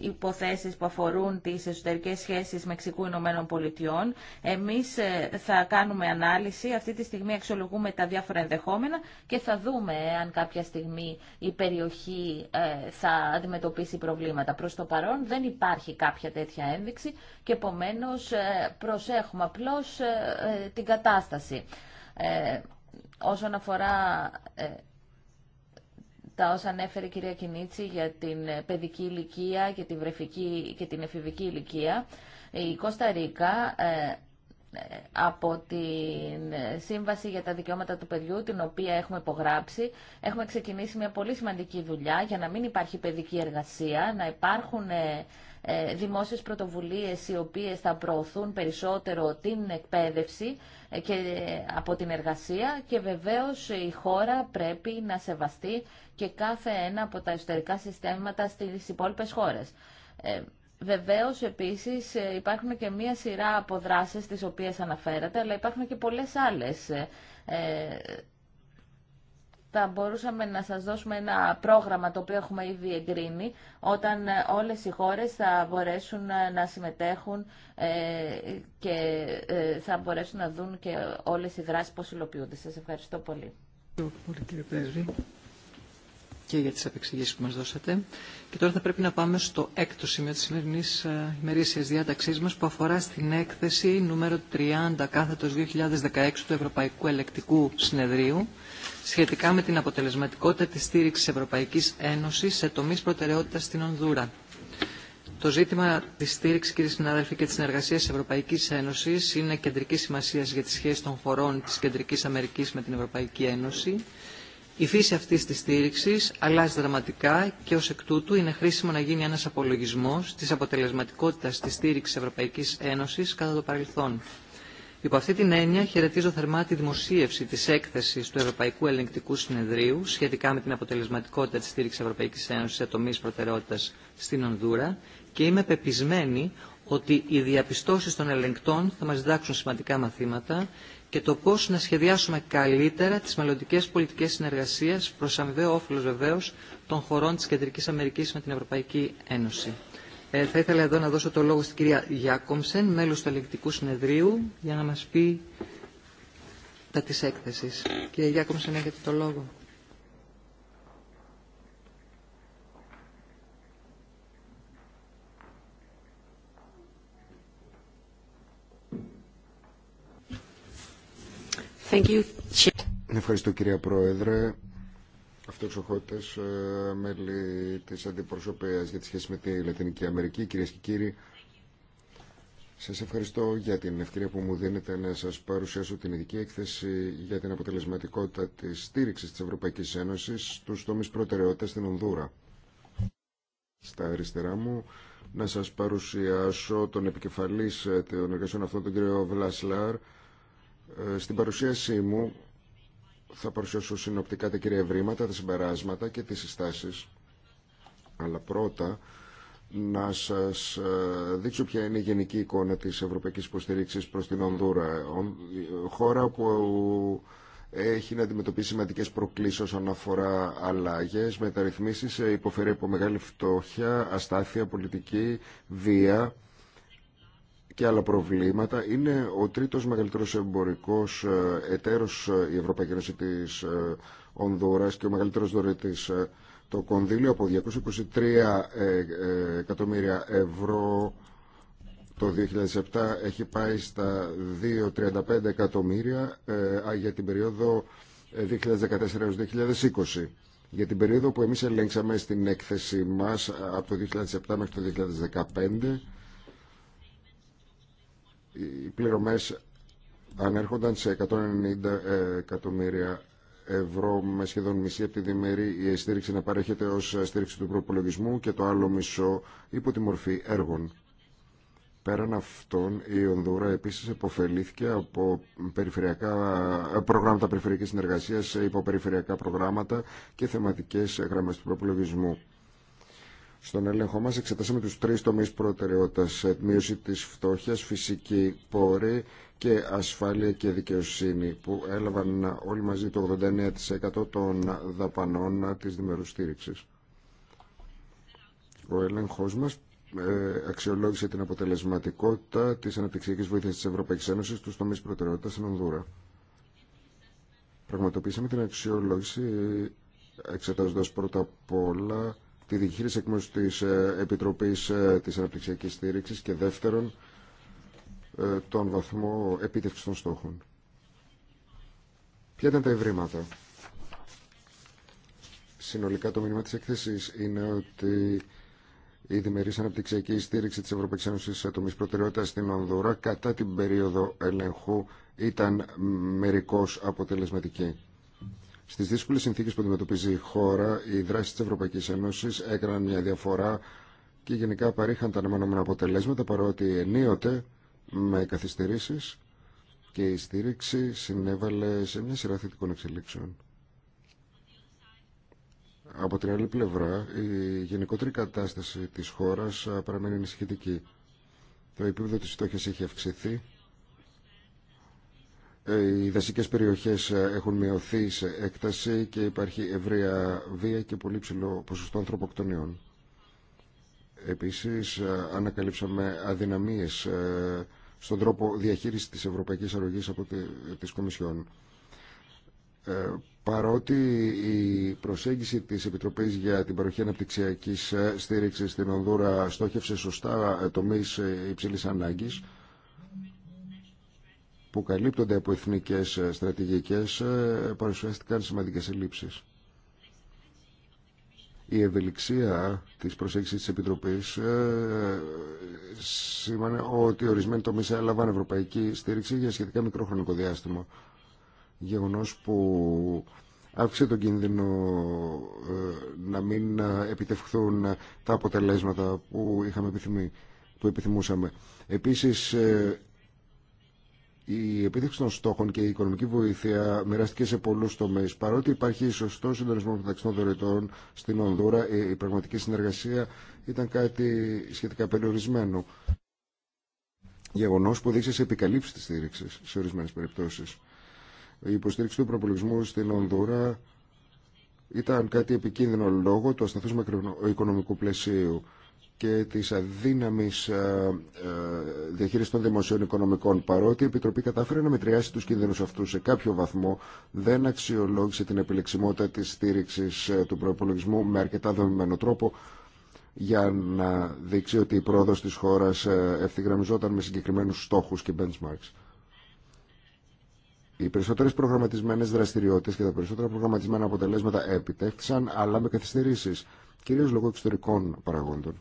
[SPEAKER 3] υποθέσεις που αφορούν τις εσωτερικές σχέσεις Μεξικού Ηνωμένων Πολιτειών. Εμείς θα κάνουμε ανάλυση, αυτή τη στιγμή αξιολογούμε τα διάφορα ενδεχόμενα και θα δούμε αν κάποια στιγμή η περιοχή ε, θα αντιμετωπίσει προβλήματα. Προς το παρόν δεν υπάρχει κάποια τέτοια ένδειξη και επομένως ε, προσέχουμε απλώς ε, την κατάσταση. Όσον αφορά τα όσα ανέφερε η κυρία Κινίτση για την παιδική ηλικία και την, βρεφική, και την εφηβική ηλικία, η Κώστα Ρίκα από την Σύμβαση για τα Δικαιώματα του Παιδιού, την οποία έχουμε υπογράψει. Έχουμε ξεκινήσει μια πολύ σημαντική δουλειά για να μην υπάρχει παιδική εργασία, να υπάρχουν ε, ε, δημόσιες πρωτοβουλίες οι οποίες θα προωθούν περισσότερο την εκπαίδευση ε, και από την εργασία και βεβαίως η χώρα πρέπει να σεβαστεί και κάθε ένα από τα εσωτερικά συστήματα στις υπόλοιπες χώρες. Βεβαίως, επίσης, ε, υπάρχουν και μία σειρά από δράσεις τις οποίες αναφέρατε, αλλά υπάρχουν και πολλές άλλες. Ε, θα μπορούσαμε να σας δώσουμε ένα πρόγραμμα το οποίο έχουμε ήδη εγκρίνει, όταν ε, όλες οι χώρες θα μπορέσουν να συμμετέχουν και θα μπορέσουν να δουν και όλες οι δράσεις πώς υλοποιούνται. Σας ευχαριστώ πολύ
[SPEAKER 1] και για τις απεξηγήσεις που μας δώσατε. Και τώρα θα πρέπει να πάμε στο έκτο σημείο της σημερινής ε, ημερήσιας διάταξής μας που αφορά στην έκθεση νούμερο 30 κάθετος 2016 του Ευρωπαϊκού Ελεκτικού Συνεδρίου σχετικά με την αποτελεσματικότητα της στήριξης Ευρωπαϊκής Ένωσης σε τομείς προτεραιότητας στην Ονδούρα. Το ζήτημα τη στήριξη, κύριε συνάδελφοι, και τη συνεργασία τη Ευρωπαϊκή Ένωση είναι κεντρική σημασία για τι σχέσει των χωρών τη Κεντρική Αμερική με την Ευρωπαϊκή Ένωση η φύση αυτή τη στήριξη αλλάζει δραματικά και ω εκ τούτου είναι χρήσιμο να γίνει ένα απολογισμό τη αποτελεσματικότητα τη στήριξη Ευρωπαϊκή Ένωση κατά το παρελθόν. Υπό αυτή την έννοια χαιρετίζω θερμά τη δημοσίευση τη έκθεση του Ευρωπαϊκού Ελεγκτικού Συνεδρίου σχετικά με την αποτελεσματικότητα τη στήριξη Ευρωπαϊκή Ένωση σε τομεί προτεραιότητα στην Ονδούρα και είμαι πεπισμένη ότι οι διαπιστώσει των ελεγκτών θα μα διδάξουν σημαντικά μαθήματα και το πώς να σχεδιάσουμε καλύτερα τις μελλοντικέ πολιτικές συνεργασίες προς αμοιβαίο όφελος βεβαίως των χωρών της Κεντρικής Αμερικής με την Ευρωπαϊκή Ένωση. Ε, θα ήθελα εδώ να δώσω το λόγο στην κυρία Γιάκομσεν, μέλος του Ελεγκτικού Συνεδρίου, για να μας πει τα της έκθεσης. Κυρία Γιάκομσεν, έχετε το λόγο.
[SPEAKER 2] Ευχαριστώ κυρία Πρόεδρε. Αυτοεξοχότητες, ε, μέλη της αντιπροσωπείας για τη σχέση με τη Λατινική Αμερική, κυρίε και κύριοι. Σας ευχαριστώ για την ευκαιρία που μου δίνετε να σας παρουσιάσω την ειδική έκθεση για την αποτελεσματικότητα της στήριξης της Ευρωπαϊκής Ένωσης στους τομείς προτεραιότητας στην Ονδούρα. Στα αριστερά μου να σας παρουσιάσω τον επικεφαλής ε, των εργασιών αυτών, τον κύριο Βλασλάρ, ε, στην παρουσίασή μου θα παρουσιάσω συνοπτικά τα κυρία ευρήματα, τα συμπεράσματα και τις συστάσεις. Αλλά πρώτα να σας ε, δείξω ποια είναι η γενική εικόνα της ευρωπαϊκής υποστηρίξης προς την Ονδούρα. Χώρα που έχει να αντιμετωπίσει σημαντικές προκλήσεις όσον αφορά αλλαγές, μεταρρυθμίσεις, ε, υποφέρει από μεγάλη φτώχεια, αστάθεια, πολιτική, βία, και άλλα προβλήματα. Είναι ο τρίτος μεγαλύτερος εμπορικός ε, εταίρος ε, η Ευρωπαϊκή Ένωση της Ονδούρας ε, και ο μεγαλύτερος δωρετής. Το κονδύλιο από 223 εκατομμύρια ευρώ το 2007 έχει πάει στα 2,35 εκατομμύρια για την περίοδο 2014-2020. Για την περίοδο που εμείς ελέγξαμε στην έκθεση μας από το 2007 μέχρι το 2015 οι πληρωμές ανέρχονταν σε 190 ε, εκατομμύρια ευρώ με σχεδόν μισή από τη διμερή η στήριξη να παρέχεται ως στήριξη του προπολογισμού και το άλλο μισό υπό τη μορφή έργων. Πέραν αυτών, η Ονδούρα επίσης επωφελήθηκε από περιφερειακά, ε, προγράμματα περιφερειακής συνεργασίας, υποπεριφερειακά προγράμματα και θεματικές γραμμές του προπολογισμού. Στον έλεγχο μας εξετάσαμε τους τρεις τομείς προτεραιότητας, ε, μείωση της φτώχειας, φυσική πόρη και ασφάλεια και δικαιοσύνη, που έλαβαν όλοι μαζί το 89% των δαπανών της δημερού Ο έλεγχος μας ε, αξιολόγησε την αποτελεσματικότητα της αναπτυξιακής βοήθειας της Ευρωπαϊκής Ένωσης στους τομείς προτεραιότητας στην Ονδούρα. Πραγματοποιήσαμε την αξιολόγηση ε, εξετάζοντας πρώτα απ' όλα τη διχείριση εκ μέρους της ε, Επιτροπής ε, της Αναπτυξιακής Στήριξης και δεύτερον ε, τον βαθμό επίτευξης των στόχων. Ποια ήταν τα ευρήματα. Συνολικά το μήνυμα της έκθεσης είναι ότι η διμερής αναπτυξιακή στήριξη της Ευρωπαϊκής Ένωσης σε στην Ονδούρα κατά την περίοδο ελεγχού ήταν μερικώς αποτελεσματική. Στις δύσκολε συνθήκες που αντιμετωπίζει η χώρα, οι δράσει τη Ευρωπαϊκής Ένωση έκαναν μια διαφορά και γενικά παρήχαν τα αναμενόμενα αποτελέσματα, παρότι ενίοτε με καθυστερήσει και η στήριξη συνέβαλε σε μια σειρά θετικών εξελίξεων. Από την άλλη πλευρά, η γενικότερη κατάσταση της χώρας παραμένει ενισχυτική. Το επίπεδο της φτώχειας έχει αυξηθεί ε, οι δασικές περιοχές ε, έχουν μειωθεί σε έκταση και υπάρχει ευρεία βία και πολύ ψηλό ποσοστό ανθρωποκτονιών. Επίσης ε, ανακαλύψαμε αδυναμίες στον τρόπο διαχείρισης της ευρωπαϊκής αρρωγής από τις Κομισιόν. Παρότι η προσέγγιση της Επιτροπής για την παροχή αναπτυξιακής στήριξης στην Ονδούρα στόχευσε σωστά τομείς υψηλής ανάγκης, που καλύπτονται από εθνικές ε, στρατηγικές ε, παρουσιάστηκαν σημαντικές ελλείψεις. Η ευελιξία της προσέγγισης της Επιτροπής ε, σήμανε ότι ορισμένοι τομείς έλαβαν ευρωπαϊκή στήριξη για σχετικά μικρό διάστημα. Γεγονός που αύξησε τον κίνδυνο να μην επιτευχθούν τα αποτελέσματα που, είχαμε επιθυμεί, που επιθυμούσαμε. Επίσης, η επίδειξη των στόχων και η οικονομική βοήθεια μοιράστηκε σε πολλού τομεί. Παρότι υπάρχει σωστό συντονισμό μεταξύ των δωρετών στην Ονδούρα, η πραγματική συνεργασία ήταν κάτι σχετικά περιορισμένο. Γεγονό που δείξε σε επικαλύψει τη στήριξη σε ορισμένε περιπτώσει. Η υποστήριξη του προπολογισμού στην Ονδούρα ήταν κάτι επικίνδυνο λόγω του ασταθού μακροοικονομικού πλαισίου και της αδύναμης ε, ε, διαχείρισης των δημοσίων οικονομικών. Παρότι η Επιτροπή κατάφερε να μετριάσει τους κίνδυνους αυτούς σε κάποιο βαθμό, δεν αξιολόγησε την επιλεξιμότητα της στήριξης ε, του προπολογισμού με αρκετά δομημένο τρόπο για να δείξει ότι η πρόοδος της χώρας ευθυγραμμιζόταν με συγκεκριμένους στόχους και benchmarks. Οι περισσότερε προγραμματισμένε δραστηριότητε και τα περισσότερα προγραμματισμένα αποτελέσματα επιτεύχθησαν, αλλά με καθυστερήσει κυρίως λόγω εξωτερικών παραγόντων.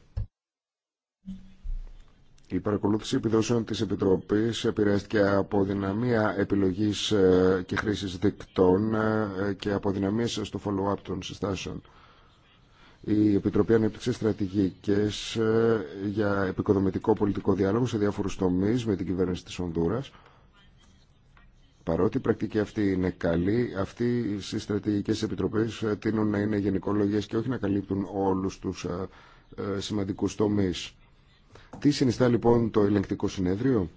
[SPEAKER 2] Η παρακολούθηση επιδόσεων της Επιτροπής επηρεάστηκε από δυναμία επιλογής ε, και χρήσης δικτών ε, και από δυναμίες στο follow-up των συστάσεων. Η Επιτροπή ανέπτυξε στρατηγικές ε, για επικοδομητικό πολιτικό διάλογο σε διάφορους τομείς με την κυβέρνηση της Ονδούρας Παρότι η πρακτική αυτή είναι καλή, αυτοί οι στρατηγικέ επιτροπέ ε, τείνουν να είναι γενικολογέ και όχι να καλύπτουν όλου του ε, ε, σημαντικού τομεί. Τι συνιστά λοιπόν το ελεγκτικό συνέδριο?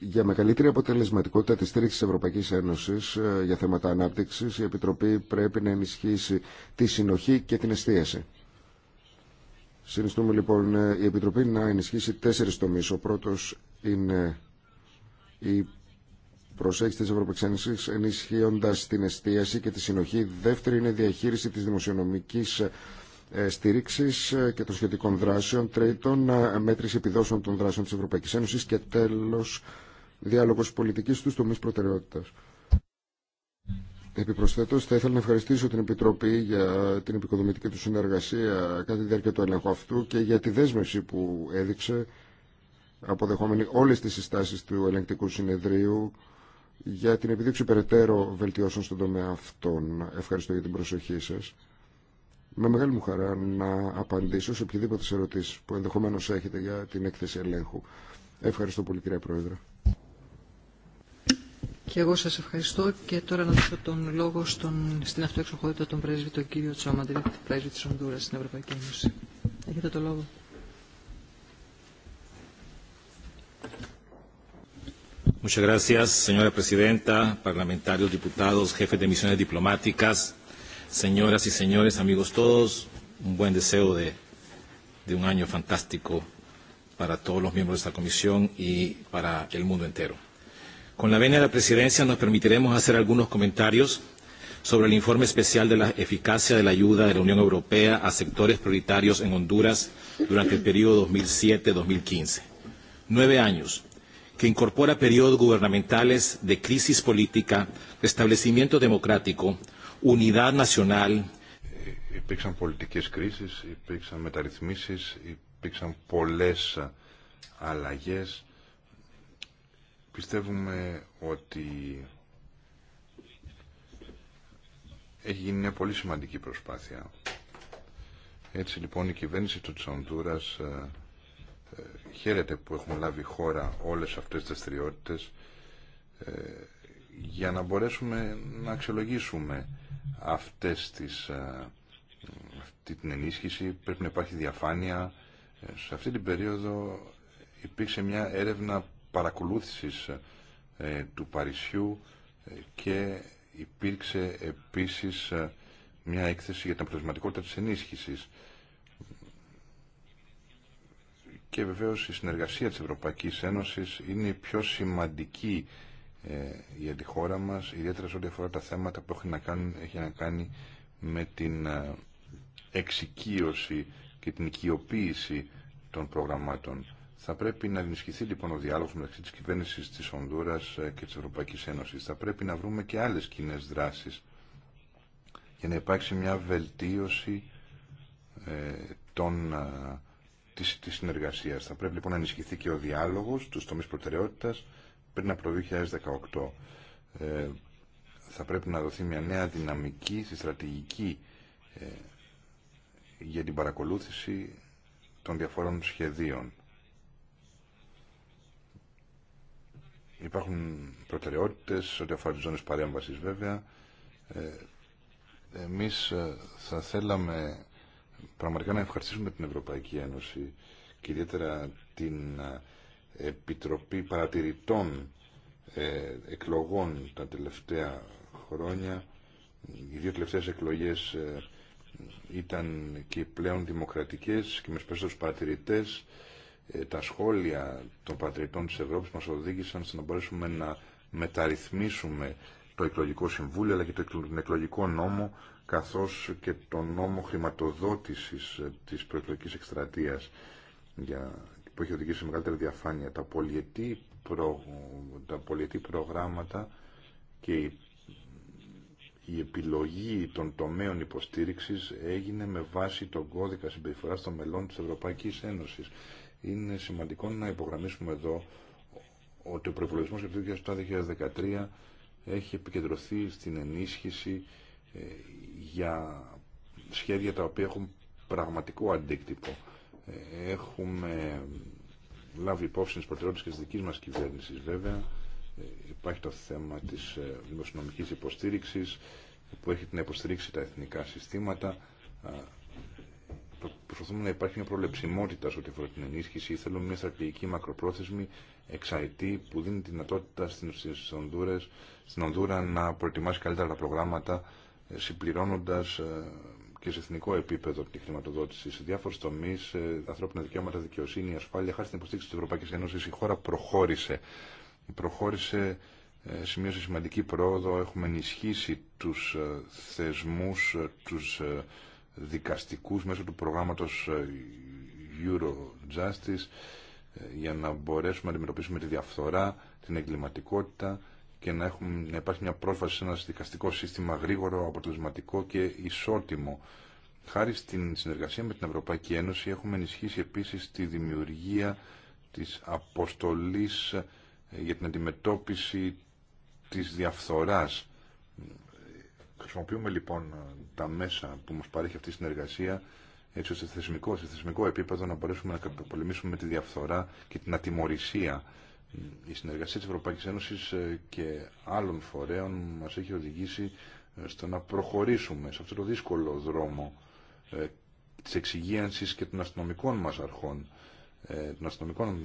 [SPEAKER 2] Για μεγαλύτερη αποτελεσματικότητα της στήριξης Ευρωπαϊκή Ένωση για θέματα ανάπτυξη, η Επιτροπή πρέπει να ενισχύσει τη συνοχή και την εστίαση. Συνιστούμε λοιπόν η Επιτροπή να ενισχύσει τέσσερι τομεί. Ο πρώτο είναι η προσέγγιση τη Ευρωπαϊκής Ένωσης ενισχύοντας την εστίαση και τη συνοχή. Δεύτερη είναι η διαχείριση τη δημοσιονομική ε, στήριξη ε, και των σχετικών δράσεων. Τρίτον, ε, μέτρηση επιδόσεων των δράσεων τη Ευρωπαϊκή Ένωση Και τέλο διάλογο πολιτική στους τομεί προτεραιότητα. Επιπροσθέτω, θα ήθελα να ευχαριστήσω την Επιτροπή για την επικοδομητική του συνεργασία κατά τη διάρκεια του ελέγχου αυτού και για τη δέσμευση που έδειξε αποδεχόμενοι όλες τις συστάσεις του ελεγκτικού συνεδρίου για την επιδείξη περαιτέρω βελτιώσεων στον τομέα αυτών. Ευχαριστώ για την προσοχή σας. Με μεγάλη μου χαρά να απαντήσω σε οποιαδήποτε ερωτήσει που ενδεχομένως έχετε για την έκθεση ελέγχου. Ευχαριστώ πολύ κυρία Πρόεδρε.
[SPEAKER 1] Και εγώ σας ευχαριστώ και τώρα να δώσω τον λόγο στον, στην αυτοεξοχότητα των πρέσβη, τον κύριο Τσόμαντρη, πρέσβη της Ονδούρας στην Ευρωπαϊκή Ένωση. Έχετε το λόγο.
[SPEAKER 3] Muchas gracias, señora presidenta,
[SPEAKER 1] parlamentarios, diputados, jefes de misiones diplomáticas, señoras y señores, amigos todos. Un buen deseo de un año fantástico para todos los miembros de esta comisión y para el mundo entero. Con la venia de la presidencia nos permitiremos hacer algunos comentarios sobre el informe especial de la eficacia de la ayuda de la Unión Europea a sectores prioritarios en Honduras durante el periodo 2007-2015. Nueve años que incorpora periodos gubernamentales de crisis política, establecimiento democrático, unidad nacional. Υπήρξαν
[SPEAKER 4] πολιτικές κρίσεις, υπήρξαν μεταρρυθμίσεις, υπήρξαν πολλές αλλαγές. Πιστεύουμε ότι έχει γίνει μια πολύ σημαντική προσπάθεια. Έτσι λοιπόν η κυβέρνηση του Τσοντούρας ε, χαίρεται που έχουμε λάβει χώρα όλες αυτές τις δραστηριότητε ε, για να μπορέσουμε να αξιολογήσουμε αυτές τις, ε, αυτή την ενίσχυση. Πρέπει να υπάρχει διαφάνεια. Ε, σε αυτή την περίοδο υπήρξε μια έρευνα παρακολούθησης του Παρισιού και υπήρξε επίσης μια έκθεση για την αποτελεσματικότητα της ενίσχυσης και βεβαίως η συνεργασία της Ευρωπαϊκής Ένωσης είναι η πιο σημαντική ε, για τη χώρα μας, ιδιαίτερα σε ό,τι αφορά τα θέματα που έχει να, κάνει, έχει να κάνει με την ε, εξοικείωση και την οικειοποίηση των προγραμμάτων. Θα πρέπει να ενισχυθεί λοιπόν ο διάλογος μεταξύ της κυβέρνησης της Ονδούρας ε, και της Ευρωπαϊκής Ένωσης. Θα πρέπει να βρούμε και άλλες κοινέ δράσεις για να υπάρξει μια βελτίωση ε, των της, της συνεργασίας. Θα πρέπει λοιπόν να ενισχυθεί και ο διάλογος του τομεί προτεραιότητας πριν από το 2018. Ε, θα πρέπει να δοθεί μια νέα δυναμική στη στρατηγική ε, για την παρακολούθηση των διαφορών σχεδίων. Υπάρχουν προτεραιότητες ό,τι αφορά τις ζώνες παρέμβασης βέβαια. Ε, εμείς ε, θα θέλαμε πραγματικά να ευχαριστήσουμε την Ευρωπαϊκή Ένωση και ιδιαίτερα την ε, Επιτροπή Παρατηρητών ε, Εκλογών τα τελευταία χρόνια. Οι δύο τελευταίες εκλογές ε, ήταν και πλέον δημοκρατικές και με σπέστος παρατηρητές τα σχόλια των παρατηρητών της Ευρώπης μας οδήγησαν στο να μπορέσουμε να μεταρρυθμίσουμε το εκλογικό συμβούλιο αλλά και το εκλογικό νόμο καθώς και τον νόμο χρηματοδότησης ε, της προεκλογικής εκστρατείας για, που έχει οδηγήσει μεγαλύτερη διαφάνεια τα πολιετή, τα προγράμματα και η, επιλογή των τομέων υποστήριξης έγινε με βάση τον κώδικα συμπεριφοράς των μελών της Ευρωπαϊκής Ένωσης. Είναι σημαντικό να υπογραμμίσουμε εδώ ότι ο προϋπολογισμός για το 2013 έχει επικεντρωθεί στην ενίσχυση ε, για σχέδια τα οποία έχουν πραγματικό αντίκτυπο. Ε, έχουμε λάβει υπόψη τις προτεραιότητες της δικής μας κυβέρνησης βέβαια. Ε, υπάρχει το θέμα της δημοσιονομικής υποστήριξης που έχει την υποστήριξη τα εθνικά συστήματα. Προσπαθούμε να υπάρχει μια προλεψιμότητα σε ό,τι αφορά την ενίσχυση. Θέλουμε μια στρατηγική μακροπρόθεσμη εξαετή που δίνει τη δυνατότητα στην Ονδούρα να προετοιμάσει καλύτερα τα προγράμματα συμπληρώνοντας ε, και σε εθνικό επίπεδο τη χρηματοδότηση σε διάφορε τομεί, ε, ανθρώπινα δικαιώματα, δικαιοσύνη, ασφάλεια. Χάρη στην υποστήριξη τη Ευρωπαϊκή Ένωση, η χώρα προχώρησε. Προχώρησε, ε, σημείωσε σημαντική πρόοδο. Έχουμε ενισχύσει του θεσμού, του δικαστικού μέσω του προγράμματο Euro για να μπορέσουμε να αντιμετωπίσουμε τη διαφθορά, την εγκληματικότητα και να, έχουμε, να υπάρχει μια πρόσβαση σε ένα δικαστικό σύστημα γρήγορο, αποτελεσματικό και ισότιμο. Χάρη στην συνεργασία με την Ευρωπαϊκή Ένωση έχουμε ενισχύσει επίσης τη δημιουργία της αποστολής ε, για την αντιμετώπιση της διαφθοράς. Χρησιμοποιούμε λοιπόν ε, τα μέσα που μας παρέχει αυτή η συνεργασία έτσι ώστε θεσμικό, σε θεσμικό επίπεδο να μπορέσουμε να πολεμήσουμε τη διαφθορά και την ατιμορρησία η συνεργασία της Ευρωπαϊκής Ένωσης ε, και άλλων φορέων μας έχει οδηγήσει ε, στο να προχωρήσουμε σε αυτό το δύσκολο δρόμο ε, της εξυγίανσης και των αστυνομικών μας αρχών, των αστυνομικών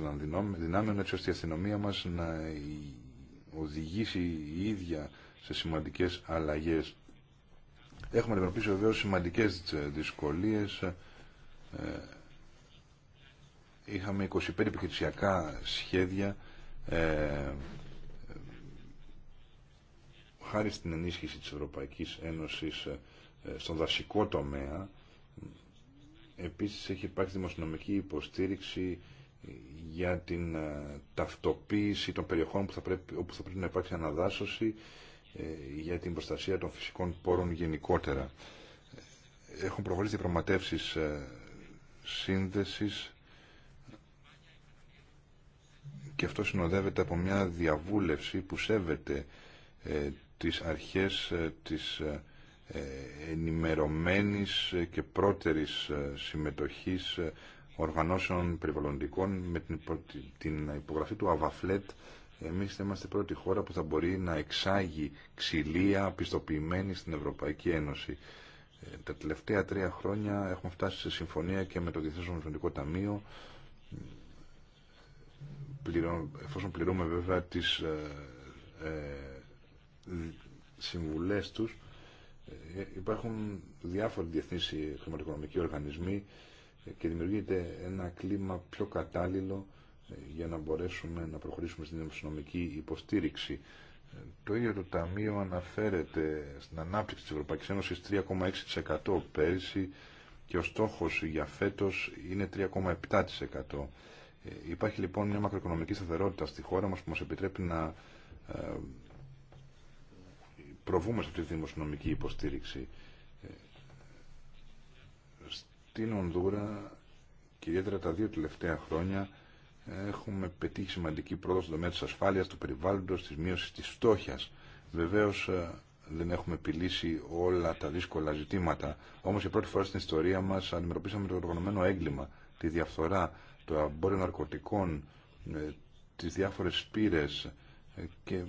[SPEAKER 4] δυνάμεων, έτσι ώστε η αστυνομία μας να οδηγήσει η ίδια σε σημαντικές αλλαγές. Έχουμε αντιμετωπίσει βεβαίω σημαντικές δυσκολίες. Είχαμε 25 επιχειρησιακά σχέδια ε, ε, χάρη στην ενίσχυση της Ευρωπαϊκής Ένωσης ε, στον δασικό τομέα επίσης έχει υπάρξει δημοσιονομική υποστήριξη για την ταυτοποίηση των περιοχών που θα πρέπει, όπου θα πρέπει να υπάρξει αναδάσωση για την προστασία των φυσικών πόρων γενικότερα. Έχουν προχωρήσει διαπραγματεύσει σύνδεσης και αυτό συνοδεύεται από μια διαβούλευση που σέβεται ε, τις αρχές ε, της ε, ε και πρώτερης ε, συμμετοχής οργανώσεων περιβαλλοντικών με την, την υπογραφή του ΑΒΑΦΛΕΤ εμείς είμαστε είμαστε πρώτη χώρα που θα μπορεί να εξάγει ξυλία πιστοποιημένη στην Ευρωπαϊκή Ένωση. Τα τελευταία τρία χρόνια έχουμε φτάσει σε συμφωνία και με το Διεθνές Ομοσπονδικό Ταμείο πληρών, εφόσον πληρούμε βέβαια τις ε, ε, συμβουλές τους, ε, υπάρχουν διάφοροι διεθνείς χρηματοοικονομικοί οργανισμοί ε, και δημιουργείται ένα κλίμα πιο κατάλληλο ε, για να μπορέσουμε να προχωρήσουμε στην δημοσιονομική υποστήριξη. Ε, το ίδιο το Ταμείο αναφέρεται στην ανάπτυξη της Ευρωπαϊκής Ένωσης 3,6% πέρυσι και ο στόχος για φέτος είναι 3,7%. Ε, υπάρχει λοιπόν μια μακροοικονομική σταθερότητα στη χώρα μας που μας επιτρέπει να ε, προβούμε σε αυτή τη δημοσιονομική υποστήριξη. Ε, στην Ονδούρα και ιδιαίτερα τα δύο τελευταία χρόνια έχουμε πετύχει σημαντική πρόοδο στον τομέα της ασφάλειας, του περιβάλλοντος, της μείωσης της φτώχειας. Βεβαίως δεν έχουμε επιλύσει όλα τα δύσκολα ζητήματα, όμως για πρώτη φορά στην ιστορία μας αντιμετωπίσαμε το οργανωμένο έγκλημα, τη διαφθορά, το εμπόριο ναρκωτικών, ε, τις διάφορες πύρες ε, και,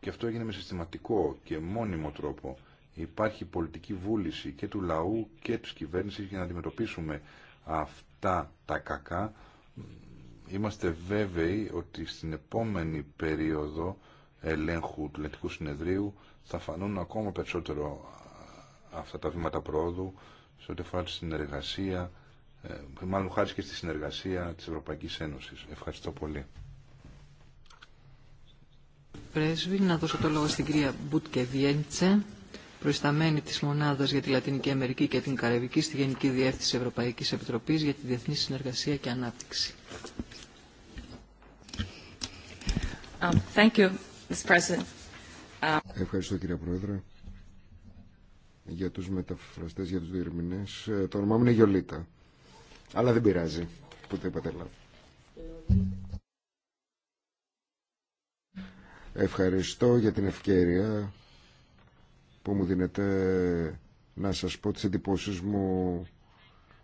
[SPEAKER 4] και αυτό έγινε με συστηματικό και μόνιμο τρόπο. Υπάρχει πολιτική βούληση και του λαού και της κυβέρνησης για να αντιμετωπίσουμε αυτά τα κακά. Είμαστε βέβαιοι ότι στην επόμενη περίοδο ελέγχου του Λετικού Συνεδρίου θα φανούν ακόμα περισσότερο αυτά τα βήματα πρόοδου σε ό,τι αφορά τη συνεργασία, ε, μάλλον χάρη και στη συνεργασία της Ευρωπαϊκής Ένωσης. Ευχαριστώ πολύ.
[SPEAKER 1] Πρέσβη, να δώσω το λόγο στην κυρία Μπούτκε Βιέντσε, προϊσταμένη της Μονάδας για τη Λατινική Αμερική και την Καραϊβική στη Γενική Διεύθυνση Ευρωπαϊκής Επιτροπής για τη Διεθνή Συνεργασία και Ανάπτυξη.
[SPEAKER 3] Um, thank you, Mr.
[SPEAKER 1] Um,
[SPEAKER 2] Ευχαριστώ κυρία Πρόεδρε για τους μεταφραστές, για τους διερμηνές. Ε, το όνομά μου είναι Γιολίτα. Αλλά δεν πειράζει που το είπατε λάθος. Ευχαριστώ για την ευκαιρία που μου δίνετε να σας πω τις εντυπώσεις μου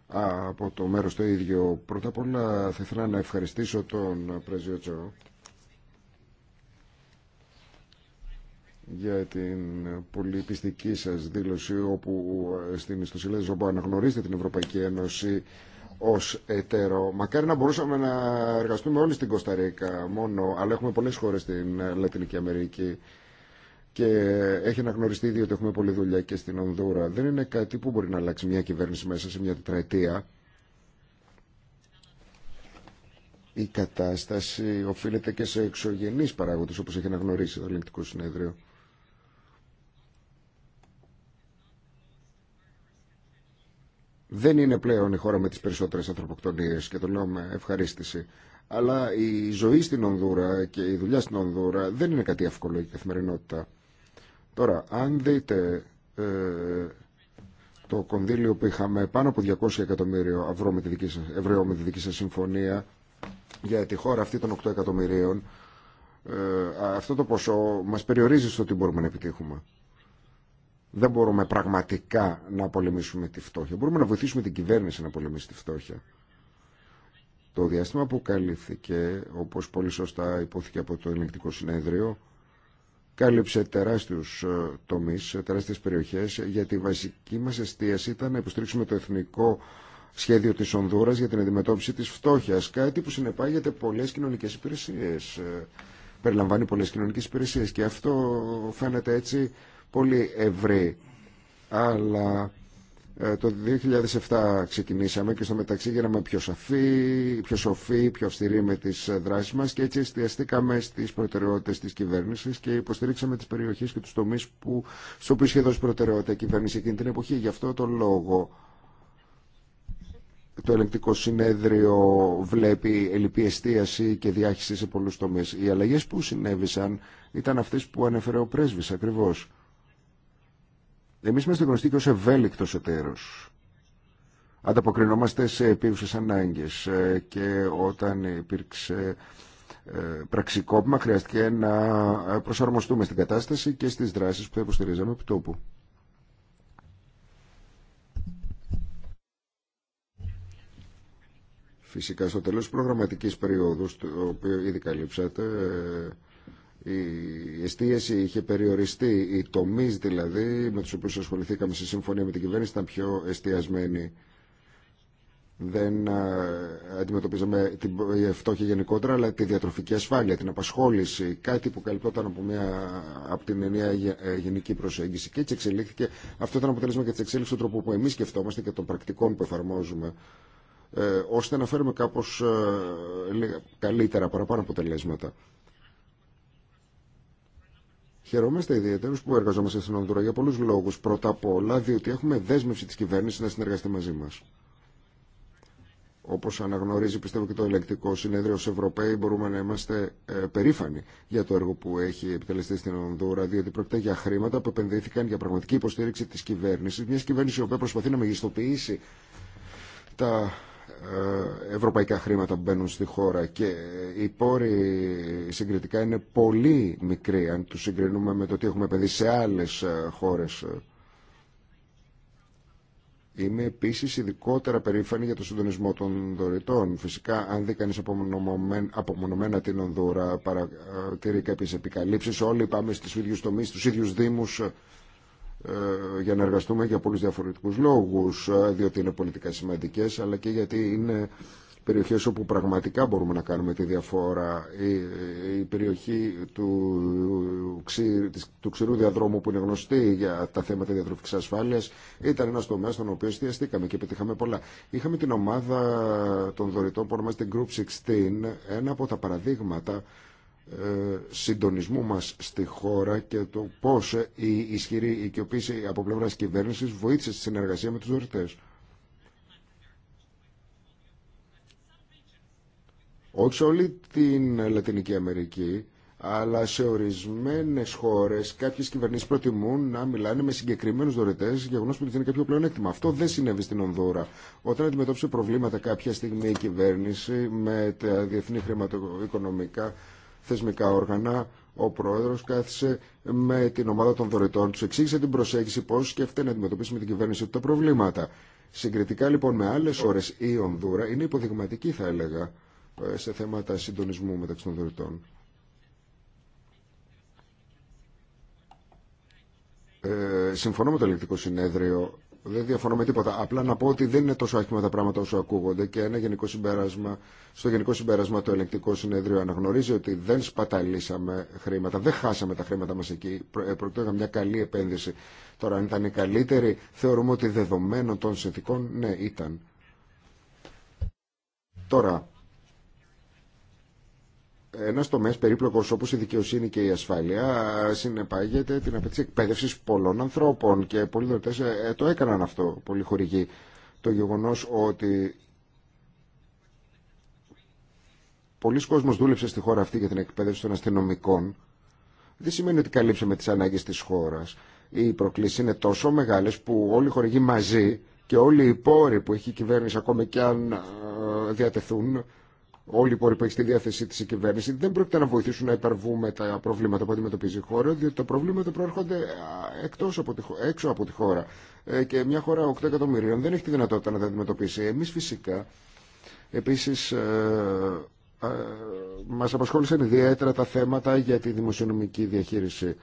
[SPEAKER 2] από το μέρος το ίδιο. Πρώτα απ' όλα θα ήθελα να ευχαριστήσω τον Πρέζιο για την πολύ πιστική σας δήλωση όπου ε, στην ιστοσελίδα που αναγνωρίζετε την Ευρωπαϊκή Ένωση Ω εταίρο. Μακάρι να μπορούσαμε να εργαστούμε όλοι στην Κωνσταντίνα μόνο, αλλά έχουμε πολλές χώρες στην Λατινική Αμερική και έχει αναγνωριστεί ήδη ότι έχουμε πολλή δουλειά και στην Ονδούρα. Δεν είναι κάτι που μπορεί να αλλάξει μια κυβέρνηση μέσα σε μια τετραετία. Η κατάσταση οφείλεται και σε εξωγενείς παράγοντες όπως έχει αναγνωρίσει το Ελληνικό συνέδριο. δεν είναι πλέον η χώρα με τις περισσότερες ανθρωποκτονίες και το λέω με ευχαρίστηση. Αλλά η ζωή στην Ονδούρα και η δουλειά στην Ονδούρα δεν είναι κάτι εύκολο η καθημερινότητα. Τώρα, αν δείτε ε, το κονδύλιο που είχαμε πάνω από 200 εκατομμύριο ευρώ με τη δική σας, συμφωνία για τη χώρα αυτή των 8 εκατομμυρίων, ε, αυτό το ποσό μας περιορίζει στο τι μπορούμε να επιτύχουμε. Δεν μπορούμε πραγματικά να πολεμήσουμε τη φτώχεια. Μπορούμε να βοηθήσουμε την κυβέρνηση να πολεμήσει τη φτώχεια. Το διάστημα που καλύφθηκε, όπως πολύ σωστά υπόθηκε από το Ελληνικτικό συνέδριο, κάλυψε τεράστιους ε, τομείς, τεράστιες περιοχές, γιατί η βασική μας εστίαση ήταν να υποστηρίξουμε το εθνικό σχέδιο της Ονδούρας για την αντιμετώπιση της φτώχειας, κάτι που συνεπάγεται πολλές κοινωνικές υπηρεσίες. Ε, περιλαμβάνει πολλές κοινωνικές υπηρεσίες και αυτό φαίνεται έτσι πολύ ευρύ. Αλλά ε, το 2007 ξεκινήσαμε και στο μεταξύ γίναμε πιο σαφή, πιο σοφή, πιο αυστηρή με τις ε, δράσεις μας και έτσι εστιαστήκαμε στις προτεραιότητες της κυβέρνησης και υποστηρίξαμε τις περιοχές και τους τομείς που, στους οποίους είχε προτεραιότητα η κυβέρνηση εκείνη την εποχή. Γι' αυτό το λόγο το ελεγκτικό συνέδριο βλέπει ελλειπή εστίαση και διάχυση σε πολλούς τομείς. Οι αλλαγές που συνέβησαν ήταν αυτές που ανέφερε ο πρέσβης ακριβώς εμείς είμαστε γνωστοί και ως ευέλικτος εταίρος. Ανταποκρινόμαστε σε επίρουσες ανάγκες ε, και όταν υπήρξε ε, πραξικόπημα χρειάστηκε να προσαρμοστούμε στην κατάσταση και στις δράσεις που θα υποστηρίζαμε επί τόπου. Φυσικά στο τέλος της προγραμματικής περίοδου, το οποίο ήδη καλύψατε, ε, η εστίαση είχε περιοριστεί, οι τομεί δηλαδή με του οποίου ασχοληθήκαμε σε συμφωνία με την κυβέρνηση ήταν πιο εστιασμένοι. Δεν ε, αντιμετωπίζαμε την φτώχεια γενικότερα, αλλά τη διατροφική ασφάλεια, την απασχόληση, κάτι που καλυπτόταν από, μια, από την ενιαία ε, γενική προσέγγιση. Και έτσι εξελίχθηκε. Αυτό ήταν αποτέλεσμα και τη εξέλιξη του τρόπου που εμεί σκεφτόμαστε και των πρακτικών που εφαρμόζουμε, ε, ώστε να φέρουμε κάπω καλύτερα, παραπάνω αποτελέσματα. Χαιρόμαστε ιδιαίτερου που εργαζόμαστε στην Ονδούρα για πολλού λόγου. Πρώτα απ' όλα, διότι έχουμε δέσμευση τη κυβέρνηση να συνεργαστεί μαζί μα. Όπω αναγνωρίζει, πιστεύω και το ελεκτικό συνέδριο ω Ευρωπαίοι, μπορούμε να είμαστε ε, περήφανοι για το έργο που έχει επιτελεστεί στην Ονδούρα, διότι πρόκειται για χρήματα που επενδύθηκαν για πραγματική υποστήριξη τη κυβέρνηση. Μια κυβέρνηση η οποία προσπαθεί να μεγιστοποιήσει τα ε, ευρωπαϊκά χρήματα που μπαίνουν στη χώρα και οι πόροι συγκριτικά είναι πολύ μικροί αν τους συγκρινούμε με το τι έχουμε επενδύσει σε άλλες ε, χώρες. Είμαι επίσης ειδικότερα περήφανη για το συντονισμό των δωρητών. Φυσικά, αν δει κανείς απομονωμένα την Ονδούρα, παρατηρεί ε, κάποιες επικαλύψει. Όλοι πάμε στις ίδιου τομεί, στους ίδιου Δήμου, ε, για να εργαστούμε για πολλούς διαφορετικούς λόγους, ε, διότι είναι πολιτικά σημαντικές, αλλά και γιατί είναι περιοχές όπου πραγματικά μπορούμε να κάνουμε τη διαφορά. Η, η περιοχή του, του ξηρού διαδρόμου που είναι γνωστή για τα θέματα διατροφικής ασφάλειας ήταν ένας τομέας στον οποίο εστιαστήκαμε και πετύχαμε πολλά. Είχαμε την ομάδα των δωρητών που ονομάζεται Group 16, ένα από τα παραδείγματα ε, συντονισμού μας στη χώρα και το πώς ε, η ισχυρή οικειοποίηση από πλευράς κυβέρνησης βοήθησε στη συνεργασία με τους δωρητές. Όχι σε όλη την Λατινική Αμερική, αλλά σε ορισμένες χώρες κάποιες κυβερνήσεις προτιμούν να μιλάνε με συγκεκριμένους δωρητές, γεγονός που είναι κάποιο πλεονέκτημα. Αυτό δεν συνέβη στην Ονδούρα. Όταν αντιμετώπισε προβλήματα κάποια στιγμή η κυβέρνηση με τα διεθνή χρηματοοικονομικά θεσμικά όργανα, ο πρόεδρο κάθισε με την ομάδα των δωρετών, του εξήγησε την προσέγγιση πώ σκέφτεται να αντιμετωπίσει με την κυβέρνηση τα προβλήματα. Συγκριτικά λοιπόν με άλλε ώρε η Ονδούρα είναι υποδειγματική, θα έλεγα, ε, σε θέματα συντονισμού μεταξύ των δωρετών. Ε, συμφωνώ με το ελεκτικό συνέδριο δεν διαφωνώ με τίποτα. Απλά να πω ότι δεν είναι τόσο άσχημα τα πράγματα όσο ακούγονται και ένα γενικό συμπέρασμα, στο γενικό συμπέρασμα το ελεγκτικό συνέδριο αναγνωρίζει ότι δεν σπαταλήσαμε χρήματα, δεν χάσαμε τα χρήματα μας εκεί. Πρόκειται μια καλή επένδυση. Τώρα, αν ήταν η καλύτερη, θεωρούμε ότι δεδομένων των συνθηκών, ναι, ήταν. Τώρα, ένα τομέα περίπλοκο όπω η δικαιοσύνη και η ασφάλεια ε, συνεπάγεται την απέτηση εκπαίδευση πολλών ανθρώπων και πολλοί δωρητέ ε, ε, το έκαναν αυτό, πολύ χορηγοί. Το γεγονό ότι πολλοί κόσμος δούλεψε στη χώρα αυτή για την εκπαίδευση των αστυνομικών δεν σημαίνει ότι καλύψαμε τι ανάγκε τη χώρα. Οι προκλήσει είναι τόσο μεγάλε που όλοι οι χορηγοί μαζί και όλοι οι πόροι που έχει η κυβέρνηση, ακόμη και αν διατεθούν, όλοι οι πόροι που έχει στη διάθεσή τη η κυβέρνηση δεν πρόκειται να βοηθήσουν να υπερβούμε τα προβλήματα που αντιμετωπίζει η χώρα, διότι τα προβλήματα προέρχονται εκτός από τη, έξω από τη χώρα. Ε, και μια χώρα 8 εκατομμυρίων δεν έχει τη δυνατότητα να τα αντιμετωπίσει. Εμεί φυσικά επίση. Ε, ε, μας απασχόλησαν ιδιαίτερα τα θέματα για τη δημοσιονομική διαχείριση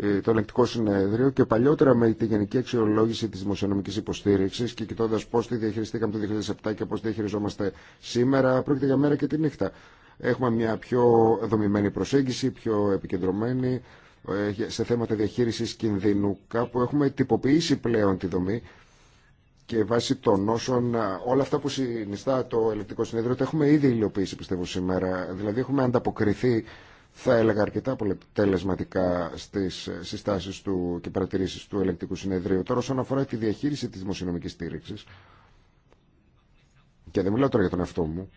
[SPEAKER 2] ε, το Ελεκτικό συνέδριο και παλιότερα με τη γενική αξιολόγηση της δημοσιονομικής υποστήριξης και κοιτώντας πώς τη διαχειριστήκαμε το 2007 και πώς τη διαχειριζόμαστε σήμερα, πρόκειται για μέρα και τη νύχτα. Έχουμε μια πιο δομημένη προσέγγιση, πιο επικεντρωμένη ε, σε θέματα διαχείρισης κινδύνου. Κάπου έχουμε τυποποιήσει πλέον τη δομή και βάσει των όσων όλα αυτά που συνιστά το ελεκτικό συνέδριο τα έχουμε ήδη υλοποιήσει πιστεύω σήμερα. Δηλαδή έχουμε ανταποκριθεί θα έλεγα αρκετά αποτελεσματικά στις συστάσεις του και παρατηρήσεις του ελεκτικού συνεδρίου. Τώρα όσον αφορά τη διαχείριση της δημοσιονομικής στήριξης, και δεν μιλάω τώρα για τον εαυτό μου,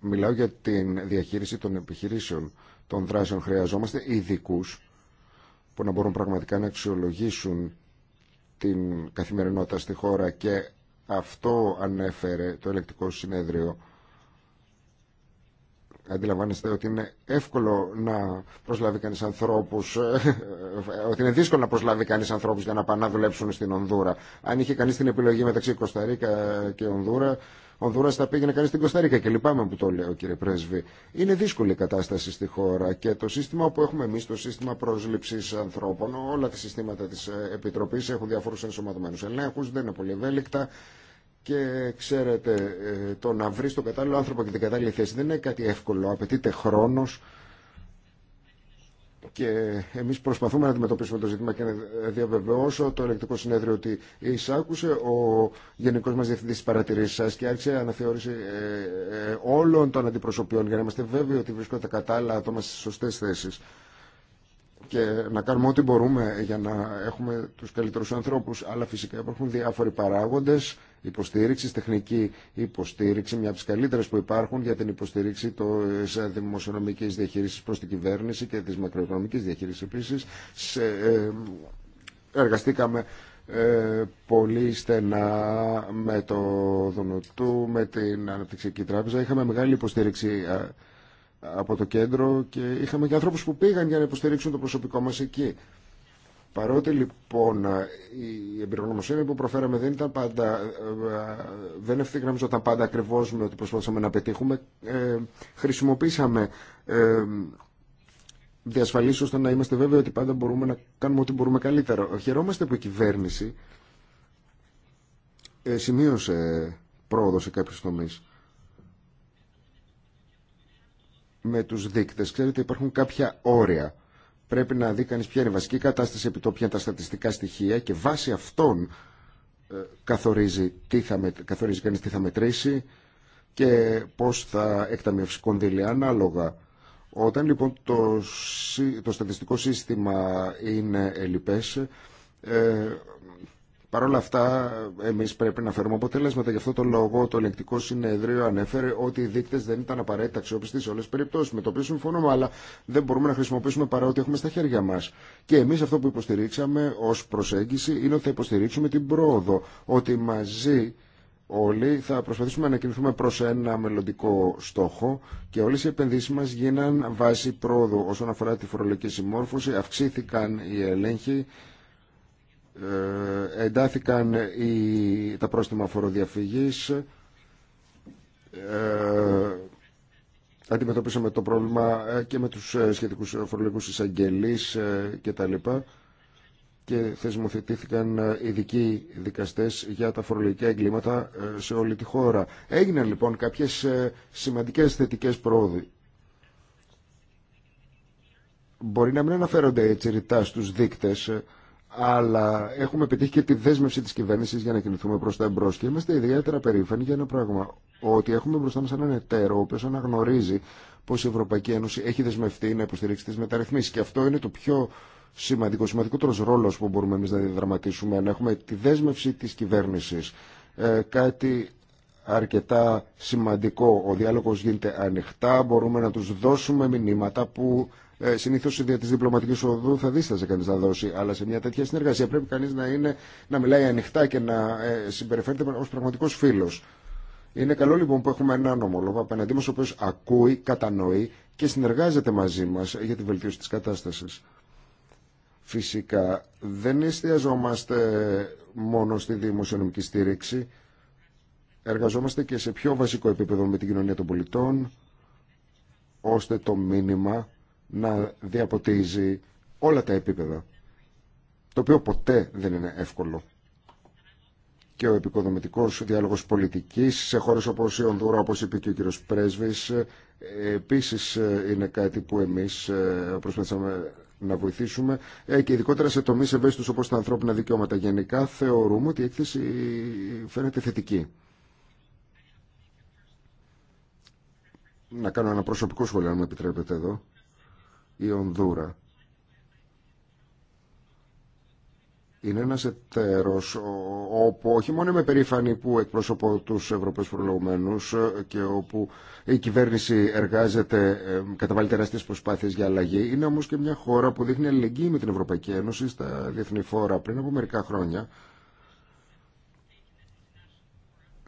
[SPEAKER 2] μιλάω για τη διαχείριση των επιχειρήσεων, των δράσεων. Χρειαζόμαστε ειδικού που να μπορούν πραγματικά να αξιολογήσουν την καθημερινότητα στη χώρα και αυτό ανέφερε το ελεκτικό συνέδριο Αντιλαμβάνεστε ότι είναι εύκολο να προσλάβει κανείς ε, ε, ότι είναι δύσκολο να προσλάβει κανείς ανθρώπους για να πάνε να δουλέψουν στην Ονδούρα. Αν είχε κανείς την επιλογή μεταξύ Κωνσταντίνα και Ονδούρα, Ονδούρα θα πήγαινε κανεί στην Κωνσταντίνα και λυπάμαι που το λέω κύριε Πρέσβη. Είναι δύσκολη η κατάσταση στη χώρα και το σύστημα που έχουμε εμεί, το σύστημα πρόσληψη ανθρώπων, όλα τα συστήματα τη Επιτροπή έχουν διαφορού ενσωματωμένου ελέγχου, δεν είναι πολύ ευέλικτα. Και ξέρετε, ε, το να βρει τον κατάλληλο άνθρωπο και την κατάλληλη θέση δεν είναι κάτι εύκολο. Απαιτείται χρόνος. Και εμείς προσπαθούμε να αντιμετωπίσουμε το ζήτημα και να διαβεβαιώσω το ελεκτικό συνέδριο ότι εισάκουσε ο γενικός μας διευθυντής τη παρατηρήση σα και άρχισε αναθεώρηση ε, ε, όλων των αντιπροσωπιών για να είμαστε βέβαιοι ότι βρίσκονται κατάλληλα άτομα στι σωστέ θέσει και να κάνουμε ό,τι μπορούμε για να έχουμε τους καλύτερους ανθρώπους αλλά φυσικά υπάρχουν διάφοροι παράγοντες υποστήριξη, τεχνική υποστήριξη, μια από τι καλύτερε που υπάρχουν για την υποστήριξη τη δημοσιονομική διαχείριση προ την κυβέρνηση και τη μακροοικονομική διαχείριση επίση. Ε, εργαστήκαμε ε, πολύ στενά με το Δονοτού, με την Αναπτυξιακή Τράπεζα. Είχαμε μεγάλη υποστήριξη ε, από το κέντρο και είχαμε και ανθρώπους που πήγαν για να υποστηρίξουν το προσωπικό μας εκεί. Παρότι λοιπόν η εμπειρογνωμοσύνη που προφέραμε δεν ήταν πάντα, ε, δεν ευθυγραμμιζόταν πάντα ακριβώ με ό,τι προσπαθούσαμε να πετύχουμε, ε, χρησιμοποίησαμε ε, διασφαλίσει ώστε να είμαστε βέβαιοι ότι πάντα μπορούμε να κάνουμε ό,τι μπορούμε καλύτερα. Χαιρόμαστε που η κυβέρνηση ε, σημείωσε πρόοδο σε κάποιου τομεί με τους δείκτες. Ξέρετε υπάρχουν κάποια όρια πρέπει να δει κανείς ποια είναι η βασική κατάσταση, επί το τα στατιστικά στοιχεία και βάσει αυτών ε, καθορίζει, τι θα, με, καθορίζει κανείς τι θα μετρήσει και πώς θα εκταμιεύσει κονδύλια ανάλογα. Όταν λοιπόν το, το στατιστικό σύστημα είναι ελλειπές, ε, Παρ' όλα αυτά, εμεί πρέπει να φέρουμε αποτελέσματα. Γι' αυτό το λόγο το ελεγκτικό συνέδριο ανέφερε ότι οι δείκτε δεν ήταν απαραίτητα αξιόπιστοι σε όλε τι περιπτώσει. Με το οποίο συμφωνούμε, αλλά δεν μπορούμε να χρησιμοποιήσουμε παρά ό,τι έχουμε στα χέρια μα. Και εμεί αυτό που υποστηρίξαμε ω προσέγγιση είναι ότι θα υποστηρίξουμε την πρόοδο. Ότι μαζί όλοι θα προσπαθήσουμε να κινηθούμε προ ένα μελλοντικό στόχο και όλε οι επενδύσει μα γίναν βάση πρόοδου όσον αφορά τη φορολογική συμμόρφωση, αυξήθηκαν οι ελέγχοι ε, εντάθηκαν οι, τα πρόστιμα φοροδιαφυγής, ε, αντιμετωπίσαμε το πρόβλημα ε, και με τους ε, σχετικούς φορολογικούς εισαγγελείς και τα λοιπά και θεσμοθετήθηκαν ειδικοί δικαστές για τα φορολογικά εγκλήματα σε όλη τη χώρα. Έγιναν λοιπόν κάποιες σημαντικές θετικές πρόοδοι. Μπορεί να μην αναφέρονται έτσι ρητά στους δείκτες, αλλά έχουμε επιτύχει και τη δέσμευση τη κυβέρνηση για να κινηθούμε προς τα εμπρός και είμαστε ιδιαίτερα περήφανοι για ένα πράγμα ότι έχουμε μπροστά μα έναν εταίρο ο οποίο αναγνωρίζει πω η Ευρωπαϊκή Ένωση έχει δεσμευτεί να υποστηρίξει τι μεταρρυθμίσεις και αυτό είναι το πιο σημαντικό, σημαντικότερο ρόλος που μπορούμε εμεί να διδραματίσουμε να έχουμε τη δέσμευση τη κυβέρνηση. ε, κάτι αρκετά σημαντικό. Ο διάλογο γίνεται ανοιχτά, μπορούμε να του δώσουμε μηνύματα που ε, Συνήθω δια τη διπλωματική οδού θα δίσταζε κανεί να δώσει, αλλά σε μια τέτοια συνεργασία πρέπει κανεί να, να μιλάει ανοιχτά και να ε, συμπεριφέρεται ω πραγματικό φίλο. Είναι καλό λοιπόν που έχουμε έναν ομολόγο απέναντί μα ο οποίο ακούει, κατανοεί και συνεργάζεται μαζί μα για τη βελτίωση τη κατάσταση. Φυσικά δεν εστιαζόμαστε μόνο στη δημοσιονομική στήριξη. Εργαζόμαστε και σε πιο βασικό επίπεδο με την κοινωνία των πολιτών, ώστε το μήνυμα να διαποτίζει όλα τα επίπεδα, το οποίο ποτέ δεν είναι εύκολο. Και ο επικοδομητικός διάλογος πολιτικής σε χώρες όπως η Ονδούρα, όπως είπε και ο κύριος Πρέσβης, ε, επίσης ε, είναι κάτι που εμείς ε, προσπαθήσαμε να βοηθήσουμε και ειδικότερα σε τομείς ευαίσθητους όπως τα ανθρώπινα δικαιώματα. Γενικά θεωρούμε ότι η έκθεση φαίνεται θετική. Να κάνω ένα προσωπικό σχόλιο, αν με επιτρέπετε εδώ η Ονδούρα. Είναι ένας εταίρος όπου όχι μόνο είμαι περήφανη που εκπροσωπώ τους Ευρωπαίους προλογμένους ε, και όπου η κυβέρνηση εργάζεται, ε, καταβάλει τεράστιες προσπάθειες για αλλαγή, είναι όμως και μια χώρα που δείχνει αλληλεγγύη με την Ευρωπαϊκή Ένωση στα διεθνή φόρα πριν από μερικά χρόνια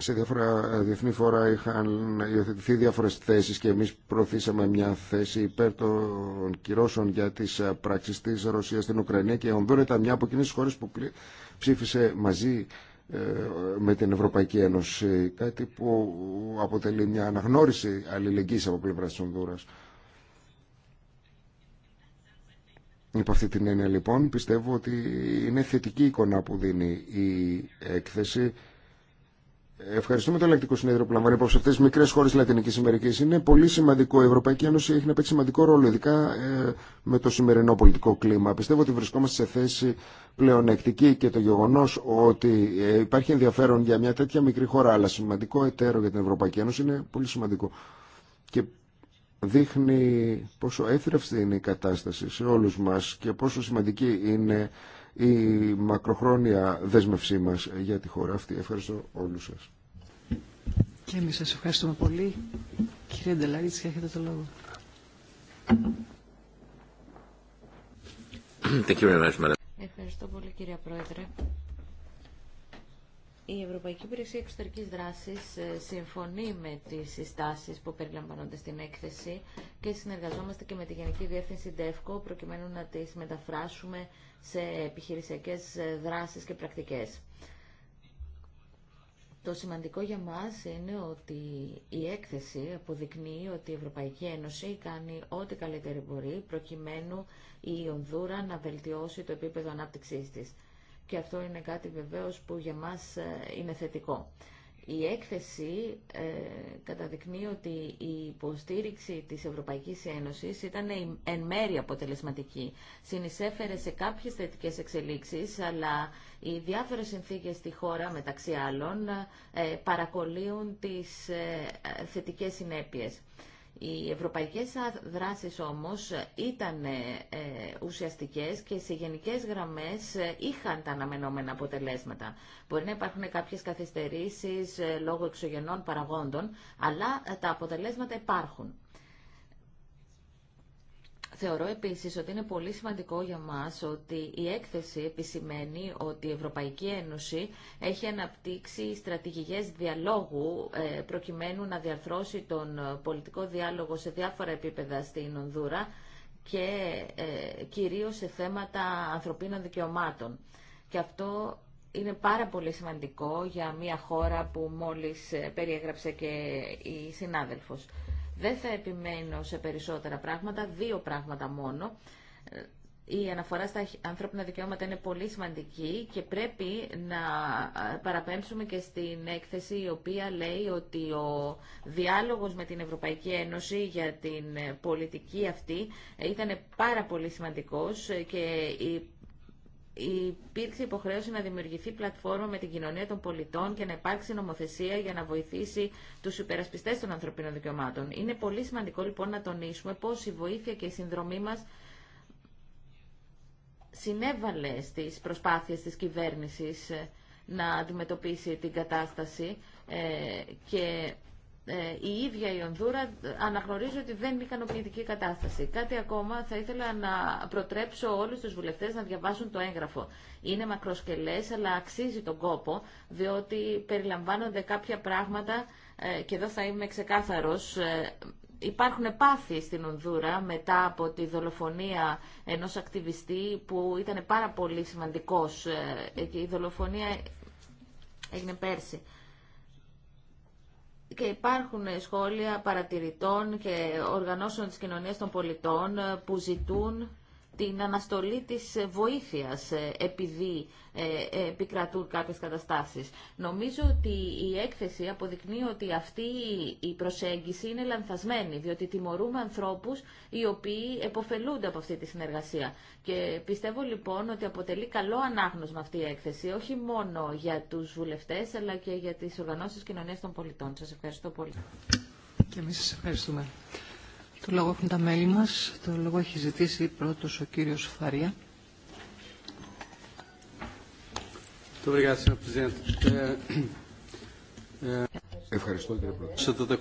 [SPEAKER 2] σε διάφορα ε, διεθνή φόρα είχαν υιοθετηθεί διάφορες θέσεις και εμείς προωθήσαμε μια θέση υπέρ των κυρώσεων για τις ε, πράξεις της Ρωσίας στην Ουκρανία και η Ονδούρα ήταν μια από εκείνες τις χώρες που ψήφισε μαζί ε, με την Ευρωπαϊκή Ένωση κάτι που αποτελεί μια αναγνώριση αλληλεγγύης από πλευρά της Ονδούρας. Υπό αυτή την έννοια λοιπόν πιστεύω ότι είναι θετική εικόνα που δίνει η έκθεση Ευχαριστούμε το Ελεκτικό Συνέδριο που λαμβάνει υπόψη αυτέ τι μικρέ χώρε Λατινική Αμερική. Είναι πολύ σημαντικό. Η Ευρωπαϊκή Ένωση έχει να παίξει σημαντικό ρόλο, ειδικά ε, με το σημερινό πολιτικό κλίμα. Πιστεύω ότι βρισκόμαστε σε θέση πλεονεκτική και το γεγονό ότι ε, υπάρχει ενδιαφέρον για μια τέτοια μικρή χώρα, αλλά σημαντικό εταίρο για την Ευρωπαϊκή Ένωση είναι πολύ σημαντικό. Και δείχνει πόσο έθρευστη είναι η κατάσταση σε όλου μα και πόσο σημαντική είναι η μακροχρόνια δέσμευσή μας για τη χώρα αυτή. Ευχαριστώ όλους σας.
[SPEAKER 1] Και εμείς σας ευχαριστούμε πολύ. Κύριε Ντελαρίτση, έχετε το λόγο.
[SPEAKER 3] Ευχαριστώ πολύ κύριε Πρόεδρε. Η Ευρωπαϊκή Υπηρεσία Εξωτερικής Δράσης ε, συμφωνεί με τις συστάσεις που περιλαμβάνονται στην έκθεση και συνεργαζόμαστε και με τη Γενική Διεύθυνση ΔΕΦΚΟ προκειμένου να τις μεταφράσουμε σε επιχειρησιακές δράσεις και πρακτικές. Το σημαντικό για μας είναι ότι η έκθεση αποδεικνύει ότι η Ευρωπαϊκή Ένωση κάνει ό,τι καλύτερη μπορεί προκειμένου η Ονδούρα να βελτιώσει το επίπεδο ανάπτυξής της. Και αυτό είναι κάτι βεβαίως που για μας ε, είναι θετικό. Η έκθεση ε, καταδεικνύει ότι η υποστήριξη της Ευρωπαϊκής Ένωσης ήταν εν μέρη αποτελεσματική. Συνεισέφερε σε κάποιες θετικές εξελίξεις, αλλά οι διάφορες συνθήκες στη χώρα, μεταξύ άλλων, ε, παρακολύουν τις ε, ε θετικές συνέπειες. Οι ευρωπαϊκές δράσεις όμως ήταν ε, ουσιαστικές και σε γενικές γραμμές ε, είχαν τα αναμενόμενα αποτελέσματα. Μπορεί να υπάρχουν κάποιες καθυστερήσεις ε, λόγω εξωγενών παραγόντων, αλλά τα αποτελέσματα υπάρχουν. Θεωρώ επίσης ότι είναι πολύ σημαντικό για μας ότι η έκθεση επισημαίνει ότι η Ευρωπαϊκή Ένωση έχει αναπτύξει στρατηγικές διαλόγου ε, προκειμένου να διαρθρώσει τον πολιτικό διάλογο σε διάφορα επίπεδα στην Ονδούρα και ε, κυρίως σε θέματα ανθρωπίνων δικαιωμάτων. Και αυτό είναι πάρα πολύ σημαντικό για μια χώρα που μόλις ε, περιέγραψε και η συνάδελφος. Δεν θα επιμένω σε περισσότερα πράγματα, δύο πράγματα μόνο. Η αναφορά στα ανθρώπινα δικαιώματα είναι πολύ σημαντική και πρέπει να παραπέμψουμε και στην έκθεση η οποία λέει ότι ο διάλογος με την Ευρωπαϊκή Ένωση για την πολιτική αυτή ήταν πάρα πολύ σημαντικός και υπήρξε υποχρέωση να δημιουργηθεί πλατφόρμα με την κοινωνία των πολιτών και να υπάρξει νομοθεσία για να βοηθήσει τους υπερασπιστές των ανθρωπίνων δικαιωμάτων. Είναι πολύ σημαντικό λοιπόν να τονίσουμε πώς η βοήθεια και η συνδρομή μας συνέβαλε στις προσπάθειες της κυβέρνησης ε, να αντιμετωπίσει την κατάσταση ε, και ε, η ίδια η Ονδούρα ε, αναγνωρίζει ότι δεν είναι ικανοποιητική κατάσταση. Κάτι ακόμα θα ήθελα να προτρέψω όλους τους βουλευτές να διαβάσουν το έγγραφο. Είναι μακροσκελές αλλά αξίζει τον κόπο διότι περιλαμβάνονται κάποια πράγματα ε, και εδώ θα είμαι ξεκάθαρος υπάρχουν πάθη στην Ονδούρα μετά από τη δολοφονία ενός ακτιβιστή που ήταν πάρα πολύ σημαντικός και η δολοφονία έγινε πέρσι και υπάρχουν σχόλια παρατηρητών και οργανώσεων της κοινωνίας των πολιτών ε, που ζητούν την αναστολή της βοήθειας ε, επειδή ε, ε, επικρατούν κάποιες καταστάσεις. Νομίζω ότι η έκθεση αποδεικνύει ότι αυτή η προσέγγιση είναι λανθασμένη, διότι τιμωρούμε ανθρώπους οι οποίοι εποφελούνται από αυτή τη συνεργασία. Και πιστεύω λοιπόν ότι αποτελεί καλό ανάγνωσμα αυτή η έκθεση, όχι μόνο για τους βουλευτές, αλλά και για τις οργανώσεις κοινωνίας των πολιτών. Σας ευχαριστώ πολύ.
[SPEAKER 1] Και εμείς σας ευχαριστούμε. Το λόγο έχουν τα μέλη μας. Το λόγο έχει ζητήσει πρώτος ο κύριος Φαρία. Ευχαριστώ κύριε Πρόεδρε.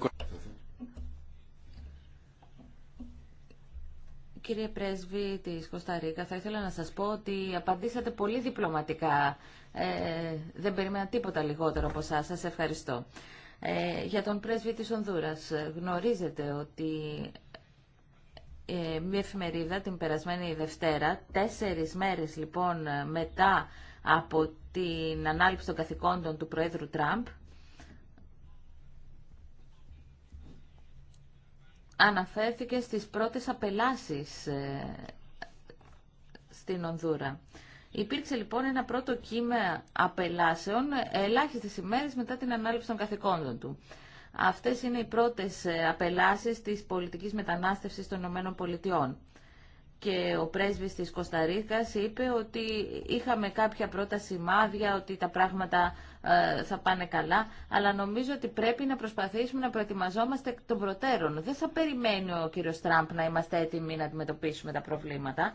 [SPEAKER 3] Κύριε Πρέσβη της Κωνσταντίνα, θα ήθελα να σας πω ότι απαντήσατε πολύ διπλωματικά. Ε, δεν περίμενα τίποτα λιγότερο από εσάς. Σας ευχαριστώ. Ε, για τον πρέσβη της Ονδούρας γνωρίζετε ότι ε, μια εφημερίδα την περασμένη Δευτέρα, τέσσερις μέρες λοιπόν μετά από την ανάληψη των καθηκόντων του Προέδρου Τραμπ, αναφέρθηκε στις πρώτες απελάσεις ε, στην Ονδούρα. Υπήρξε λοιπόν ένα πρώτο κύμα απελάσεων ε, ελάχιστες ημέρες μετά την ανάληψη των καθηκόντων του. Αυτές είναι οι πρώτες ε, απελάσεις της πολιτικής μετανάστευσης των Πολιτειών. Και ο πρέσβης της Κωνσταρίκας είπε ότι είχαμε κάποια πρώτα σημάδια ότι τα πράγματα ε, θα πάνε καλά, αλλά νομίζω ότι πρέπει να προσπαθήσουμε να προετοιμαζόμαστε των προτέρων. Δεν θα περιμένει ο κύριος Τραμπ να είμαστε έτοιμοι να αντιμετωπίσουμε τα προβλήματα.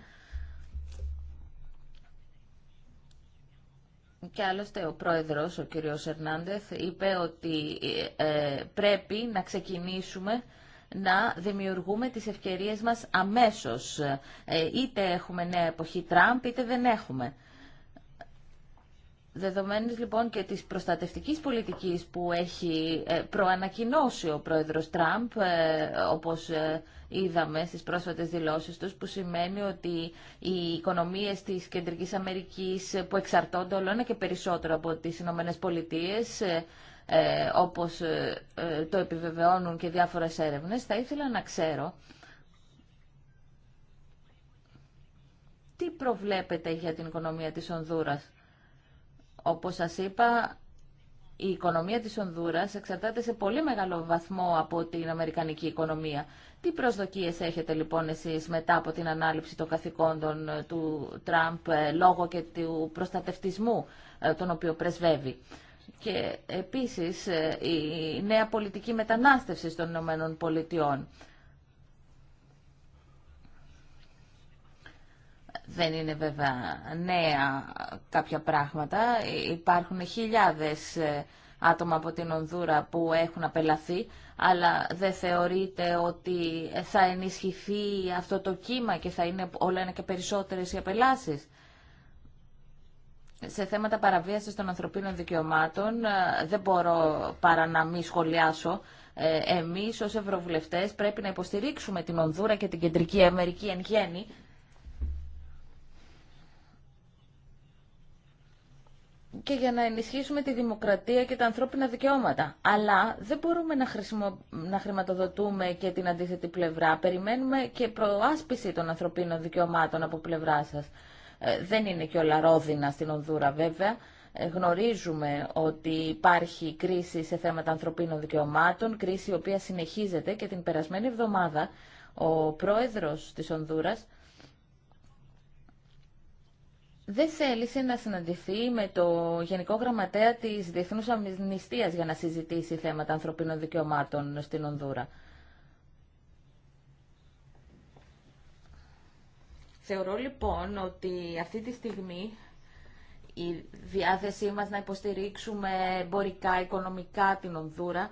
[SPEAKER 3] Και άλλωστε ο πρόεδρος, ο κύριος Ερνάντεθ, είπε ότι ε, πρέπει να ξεκινήσουμε να δημιουργούμε τις ευκαιρίες μας αμέσως. Ε, είτε έχουμε νέα εποχή Τραμπ, είτε δεν έχουμε. Δεδομένης λοιπόν και της προστατευτικής πολιτικής που έχει ε, προανακοινώσει ο πρόεδρος Τραμπ, ε, όπως ε, είδαμε στις πρόσφατες δηλώσεις τους, που σημαίνει ότι οι οικονομίες της Κεντρικής Αμερικής που εξαρτώνται όλο και περισσότερο από τις Ηνωμένες Πολιτείες, όπως το επιβεβαιώνουν και διάφορες έρευνες, θα ήθελα να ξέρω τι προβλέπετε για την οικονομία της Ονδούρας. Όπως σας είπα, η οικονομία της Ονδούρας εξαρτάται σε πολύ μεγάλο βαθμό από την Αμερικανική οικονομία. Τι προσδοκίες έχετε λοιπόν εσείς μετά από την ανάληψη των καθηκόντων ε, του Τραμπ ε, λόγω και του προστατευτισμού ε, τον οποίο πρεσβεύει. Και επίσης η νέα πολιτική μετανάστευση των Ηνωμένων Πολιτειών. Δεν είναι βέβαια νέα κάποια πράγματα. Υπάρχουν χιλιάδες ε, άτομα από την Ονδούρα που έχουν απελαθεί, αλλά δεν θεωρείται ότι θα ενισχυθεί αυτό το κύμα και θα είναι όλα ένα και περισσότερες οι απελάσεις. Σε θέματα παραβίασης των ανθρωπίνων δικαιωμάτων ε, δεν μπορώ παρά να μη σχολιάσω. Ε, εμείς ως Ευρωβουλευτές πρέπει να υποστηρίξουμε την Ονδούρα και την Κεντρική Αμερική εν γέννη και για να ενισχύσουμε τη δημοκρατία και τα ανθρώπινα δικαιώματα. Αλλά δεν μπορούμε να, να χρηματοδοτούμε και την αντίθετη πλευρά. Περιμένουμε και προάσπιση των ανθρωπίνων δικαιωμάτων από πλευρά σας. Ε, δεν είναι και όλα ρόδινα στην Ονδούρα βέβαια. Ε, γνωρίζουμε ότι υπάρχει κρίση σε θέματα ανθρωπίνων δικαιωμάτων, κρίση η οποία συνεχίζεται και την περασμένη εβδομάδα ο πρόεδρος της Ονδούρας δεν θέλησε να συναντηθεί με το Γενικό Γραμματέα της Διεθνούς Αμνηστίας για να συζητήσει θέματα ανθρωπίνων δικαιωμάτων στην Ονδούρα. Θεωρώ λοιπόν ότι αυτή τη στιγμή η διάθεσή μας να υποστηρίξουμε εμπορικά, οικονομικά την Ονδούρα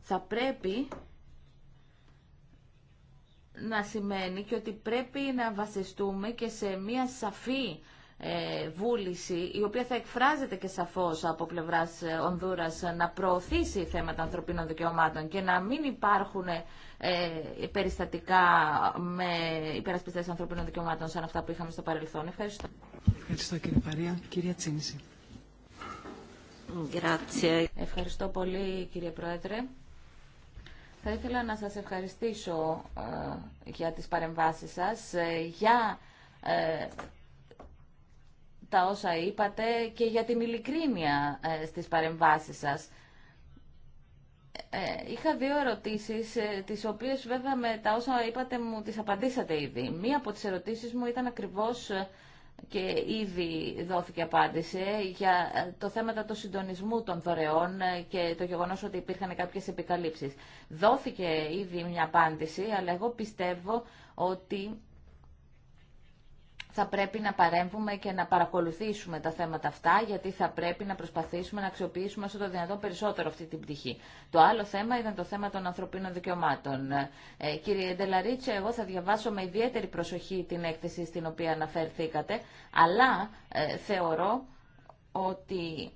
[SPEAKER 3] θα πρέπει να σημαίνει και ότι πρέπει να βασιστούμε και σε μία σαφή ε, βούληση, η οποία θα εκφράζεται και σαφώς από πλευράς ε, Ονδούρας να προωθήσει θέματα ανθρωπίνων δικαιωμάτων και να μην υπάρχουν ε, περιστατικά με υπερασπιστές ανθρωπίνων δικαιωμάτων σαν αυτά που είχαμε στο παρελθόν. Ευχαριστώ.
[SPEAKER 1] Ευχαριστώ κύριε Παρία. Κυρία Τσίνηση.
[SPEAKER 3] Ευχαριστώ πολύ κύριε Πρόεδρε. Θα ήθελα να σας ευχαριστήσω ε, για τις παρεμβάσεις σας, ε, για ε, τα όσα είπατε και για την ειλικρίνεια στις παρεμβάσεις σας. Είχα δύο ερωτήσεις, τις οποίες βέβαια με τα όσα είπατε μου τις απαντήσατε ήδη. Μία από τις ερωτήσεις μου ήταν ακριβώς και ήδη δόθηκε απάντηση για ε, το θέμα του συντονισμού των δωρεών ε, και το γεγονός ότι υπήρχαν κάποιες επικαλύψεις. Δόθηκε ήδη μια απάντηση, αλλά εγώ πιστεύω ότι θα πρέπει να παρέμβουμε και να παρακολουθήσουμε τα θέματα αυτά, γιατί θα πρέπει να προσπαθήσουμε να αξιοποιήσουμε όσο το δυνατόν περισσότερο αυτή την πτυχή. Το άλλο θέμα ήταν το θέμα των ανθρωπίνων δικαιωμάτων. Ε, κύριε Ντελαρίτσε, εγώ θα διαβάσω με ιδιαίτερη προσοχή την έκθεση στην οποία αναφέρθηκατε, αλλά ε, θεωρώ ότι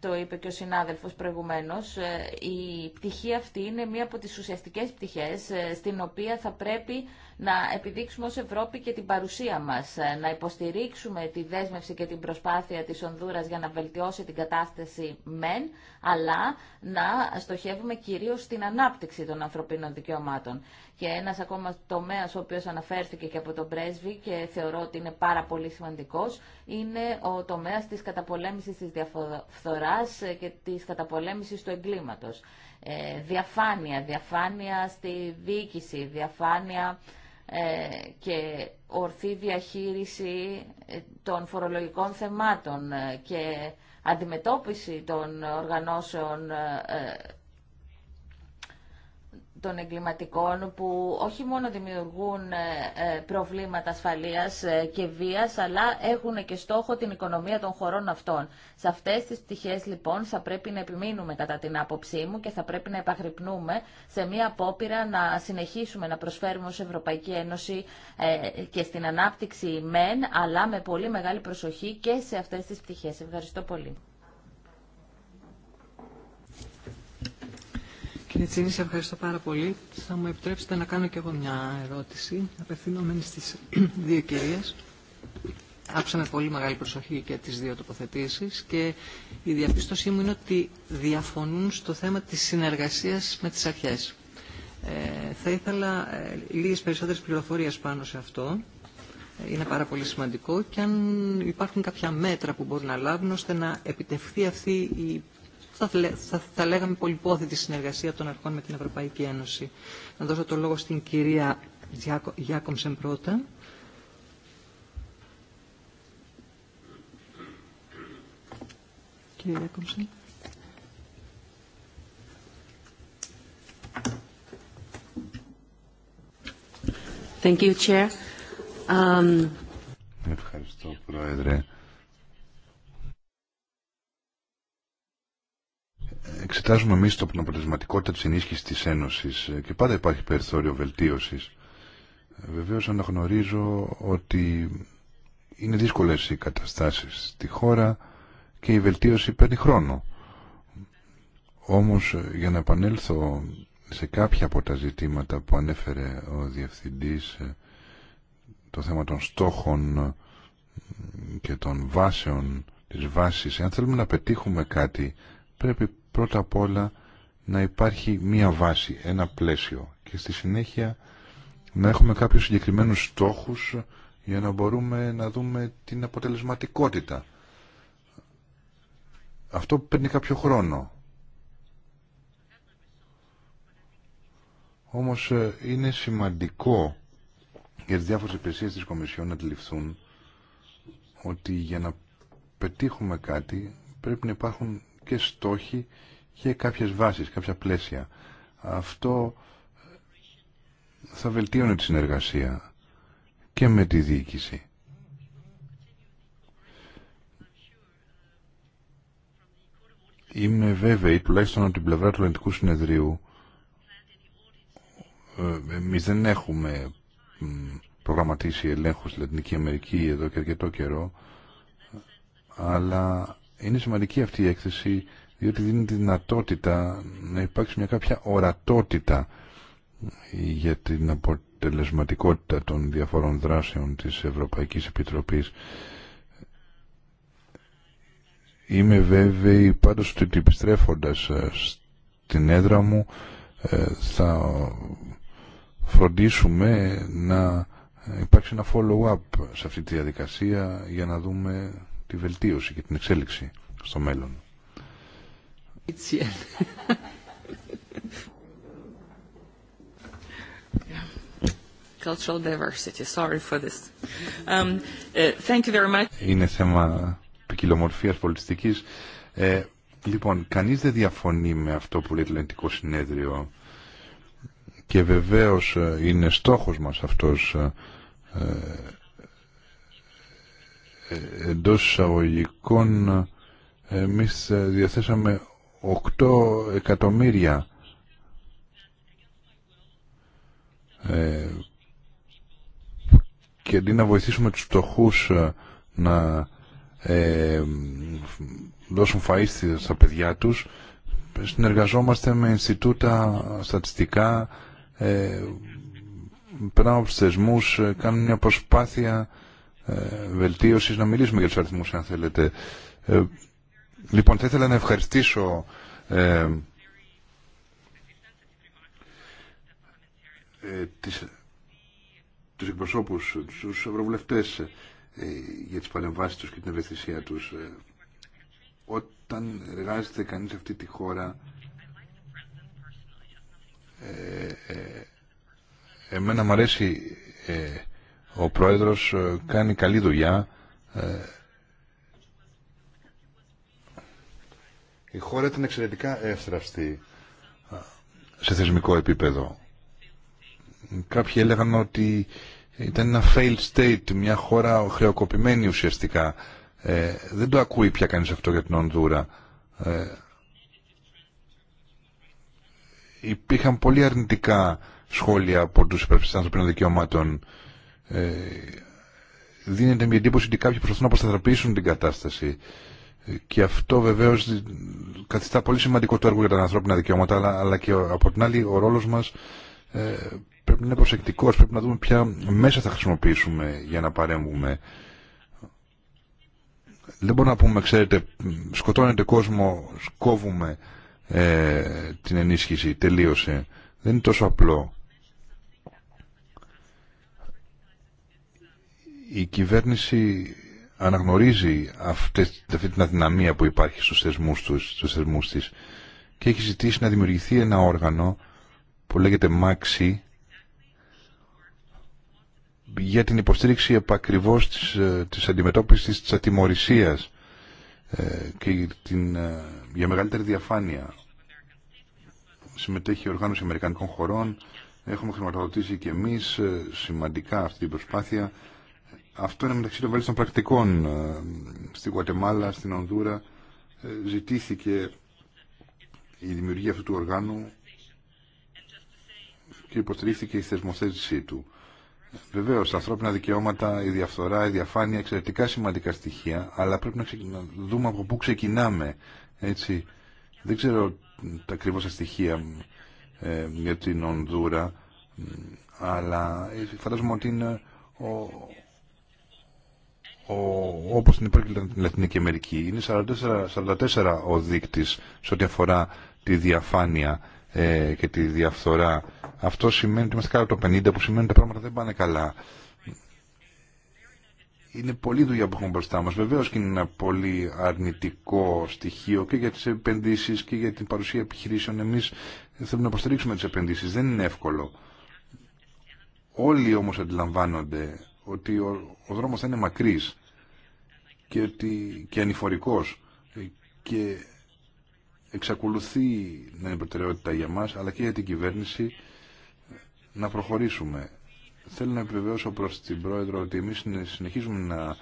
[SPEAKER 3] το είπε και ο συνάδελφος προηγουμένως, ε, η πτυχή αυτή είναι μία από τις ουσιαστικές πτυχές ε, στην οποία θα πρέπει να επιδείξουμε ως Ευρώπη και την παρουσία μας, ε, να υποστηρίξουμε τη δέσμευση και την προσπάθεια της Ονδούρας για να βελτιώσει την κατάσταση μεν, αλλά να στοχεύουμε κυρίως στην ανάπτυξη των ανθρωπίνων δικαιωμάτων. Και ένας ακόμα τομέας ο οποίος αναφέρθηκε και από τον πρέσβη και θεωρώ ότι είναι πάρα πολύ σημαντικός, είναι ο τομέας της καταπολέμησης της διαφθοράς ε, και της καταπολέμησης του εγκλήματος. Ε, διαφάνεια, διαφάνεια στη διοίκηση, διαφάνεια ε, και ορθή διαχείριση ε, των φορολογικών θεμάτων ε, και αντιμετώπιση των οργανώσεων των εγκληματικών που όχι μόνο δημιουργούν ε, ε, προβλήματα ασφαλείας ε, και βίας αλλά έχουν και στόχο την οικονομία των χωρών αυτών. Σε αυτές τις πτυχές λοιπόν θα πρέπει να επιμείνουμε κατά την άποψή μου και θα πρέπει να επαγρυπνούμε σε μια απόπειρα να συνεχίσουμε να προσφέρουμε ως Ευρωπαϊκή Ένωση και στην ανάπτυξη μεν αλλά με πολύ μεγάλη προσοχή και σε αυτές τις πτυχές. Ευχαριστώ πολύ.
[SPEAKER 1] σε ευχαριστώ πάρα πολύ. Θα μου επιτρέψετε να κάνω και εγώ μια ερώτηση, απευθυνόμενη στις δύο κυρίες. Άψαμε πολύ μεγάλη προσοχή και τις δύο τοποθετήσεις και η διαπίστωσή μου είναι ότι διαφωνούν στο θέμα της συνεργασίας με τις αρχές. Ε, θα ήθελα ε, λίγες περισσότερες πληροφορίες πάνω σε αυτό. Ε, είναι πάρα πολύ σημαντικό και αν υπάρχουν κάποια μέτρα που μπορούν να λάβουν ώστε να επιτευχθεί αυτή η θα, θα λέγαμε πολυπόθητη συνεργασία των αρχών με την Ευρωπαϊκή Ένωση. Να δώσω το λόγο στην κυρία Γιάκομσεν πρώτα. Κυρία Γιάκομσεν. Thank you, Chair. Um...
[SPEAKER 4] Ευχαριστώ, Πρόεδρε. εξετάζουμε εμεί το πνευματικότητα τη ενίσχυση τη Ένωση ε, και πάντα υπάρχει περιθώριο βελτίωση. Ε, Βεβαίω αναγνωρίζω ότι είναι δύσκολε οι καταστάσει στη χώρα και η βελτίωση παίρνει χρόνο. Όμως ε, για να επανέλθω σε κάποια από τα ζητήματα που ανέφερε ο Διευθυντής το θέμα των στόχων και των βάσεων της βάσης αν θέλουμε να πετύχουμε κάτι πρέπει πρώτα απ' όλα να υπάρχει μία βάση, ένα πλαίσιο και στη συνέχεια να έχουμε κάποιους συγκεκριμένους στόχους για να μπορούμε να δούμε την αποτελεσματικότητα. Αυτό παίρνει κάποιο χρόνο. Όμως ε, είναι σημαντικό για τις διάφορες υπηρεσίες της Κομισιόν να αντιληφθούν ότι για να πετύχουμε κάτι πρέπει να υπάρχουν και στόχοι και κάποιες βάσεις, κάποια πλαίσια. Αυτό θα βελτίωνε τη συνεργασία και με τη διοίκηση. Είμαι βέβαιη, τουλάχιστον από την πλευρά του Ελληνικού Συνεδρίου, ε, εμεί δεν έχουμε προγραμματίσει ελέγχους στη Λατινική Αμερική εδώ και αρκετό καιρό, αλλά είναι σημαντική αυτή η έκθεση διότι δίνει τη δυνατότητα να υπάρξει μια κάποια ορατότητα για την αποτελεσματικότητα των διαφορών δράσεων της Ευρωπαϊκής Επιτροπής. Είμαι βέβαιη πάντως ότι επιστρέφοντας ε, στην έδρα μου ε, θα φροντίσουμε να υπάρξει ένα follow-up σε αυτή τη διαδικασία για να δούμε τη βελτίωση και την εξέλιξη στο μέλλον. Είναι θέμα ποικιλομορφίας πολιτιστικής. Ε, λοιπόν, κανείς δεν διαφωνεί με αυτό που λέει το Ελληνικό Συνέδριο και βεβαίως ε, είναι στόχος μας αυτός ε, ε, Εντό εισαγωγικών εμεί διαθέσαμε 8 εκατομμύρια ε, και αντί να βοηθήσουμε τους φτωχούς ε, να ε, δώσουν φαίστη στα παιδιά τους συνεργαζόμαστε με Ινστιτούτα Στατιστικά ε, περνάμε από τους θεσμούς κάνουμε μια προσπάθεια ε, βελτίωσης. Να μιλήσουμε για τους αριθμούς αν θέλετε. Ε, λοιπόν, θα ήθελα να ευχαριστήσω ε, ε τις, τους εκπροσώπους, τους ευρωβουλευτές για τις παρεμβάσεις τους και την ευαισθησία τους. όταν εργάζεται κανείς σε αυτή τη χώρα εμένα μου αρέσει ο πρόεδρος ε, κάνει καλή δουλειά. Ε. Η χώρα ήταν εξαιρετικά εύθραυστη ε, σε θεσμικό επίπεδο. Κάποιοι έλεγαν ότι ήταν ένα failed state, μια χώρα χρεοκοπημένη ουσιαστικά. δεν το ακούει πια κανείς αυτό για την Ονδούρα. υπήρχαν πολύ αρνητικά σχόλια από τους υπερψηφιστές δικαιωμάτων ε, δίνεται μια εντύπωση ότι κάποιοι προσπαθούν να προστατραπήσουν την κατάσταση. Ε, και αυτό βεβαίω καθιστά πολύ σημαντικό το έργο για τα ανθρώπινα δικαιώματα, αλλά, και από την άλλη ο ρόλο μα ε, πρέπει να είναι προσεκτικό. Πρέπει να δούμε ποια μέσα θα χρησιμοποιήσουμε για να παρέμβουμε. Δεν μπορούμε να πούμε, ξέρετε, σκοτώνεται κόσμο, σκόβουμε ε, την ενίσχυση, τελείωσε. Δεν είναι τόσο απλό. η κυβέρνηση αναγνωρίζει αυτή την αδυναμία που υπάρχει στους θεσμούς, τους, στους της και έχει ζητήσει να δημιουργηθεί ένα όργανο που λέγεται ΜΑΞΙ για την υποστήριξη επακριβώς της, ε, της αντιμετώπισης της ατιμορρησίας ε, και την, ε, για μεγαλύτερη διαφάνεια. Συμμετέχει η οργάνωση Αμερικανικών χωρών, έχουμε χρηματοδοτήσει και εμείς σημαντικά αυτή την προσπάθεια αυτό είναι μεταξύ των βαλίστων πρακτικών. Ε, στην Γουατεμάλα, στην Ονδούρα ε, ζητήθηκε η δημιουργία αυτού του οργάνου και υποστηρίχθηκε η θεσμοθέτησή του. Βεβαίω, τα ανθρώπινα δικαιώματα, η διαφθορά, η διαφάνεια, εξαιρετικά σημαντικά στοιχεία, αλλά πρέπει να, δούμε από πού ξεκινάμε. Έτσι. Δεν ξέρω τα ακριβώ στοιχεία ε, για την Ονδούρα, αλλά ε, φαντάζομαι ότι είναι ο, όπως την υπάρχει την Λατινική Αμερική. Είναι 44, 44 ο δείκτης σε ό,τι αφορά τη διαφάνεια ε, και τη διαφθορά. Αυτό σημαίνει ότι είμαστε κάτω από το 50 που σημαίνει ότι τα πράγματα δεν πάνε καλά. Είναι πολλή δουλειά που έχουμε μπροστά μας. Βεβαίως και είναι ένα πολύ αρνητικό στοιχείο και για τις επενδύσεις και για την παρουσία επιχειρήσεων. Εμείς θέλουμε να υποστηρίξουμε τις επενδύσεις. Δεν είναι εύκολο. Όλοι όμως αντιλαμβάνονται ότι ο, ο δρόμος θα είναι μακρύς και, ότι, και ανηφορικός ε, και εξακολουθεί να είναι προτεραιότητα για μας αλλά και για την κυβέρνηση ε, να προχωρήσουμε. Θέλω να επιβεβαιώσω προς την Πρόεδρο ότι εμείς συνεχίζουμε να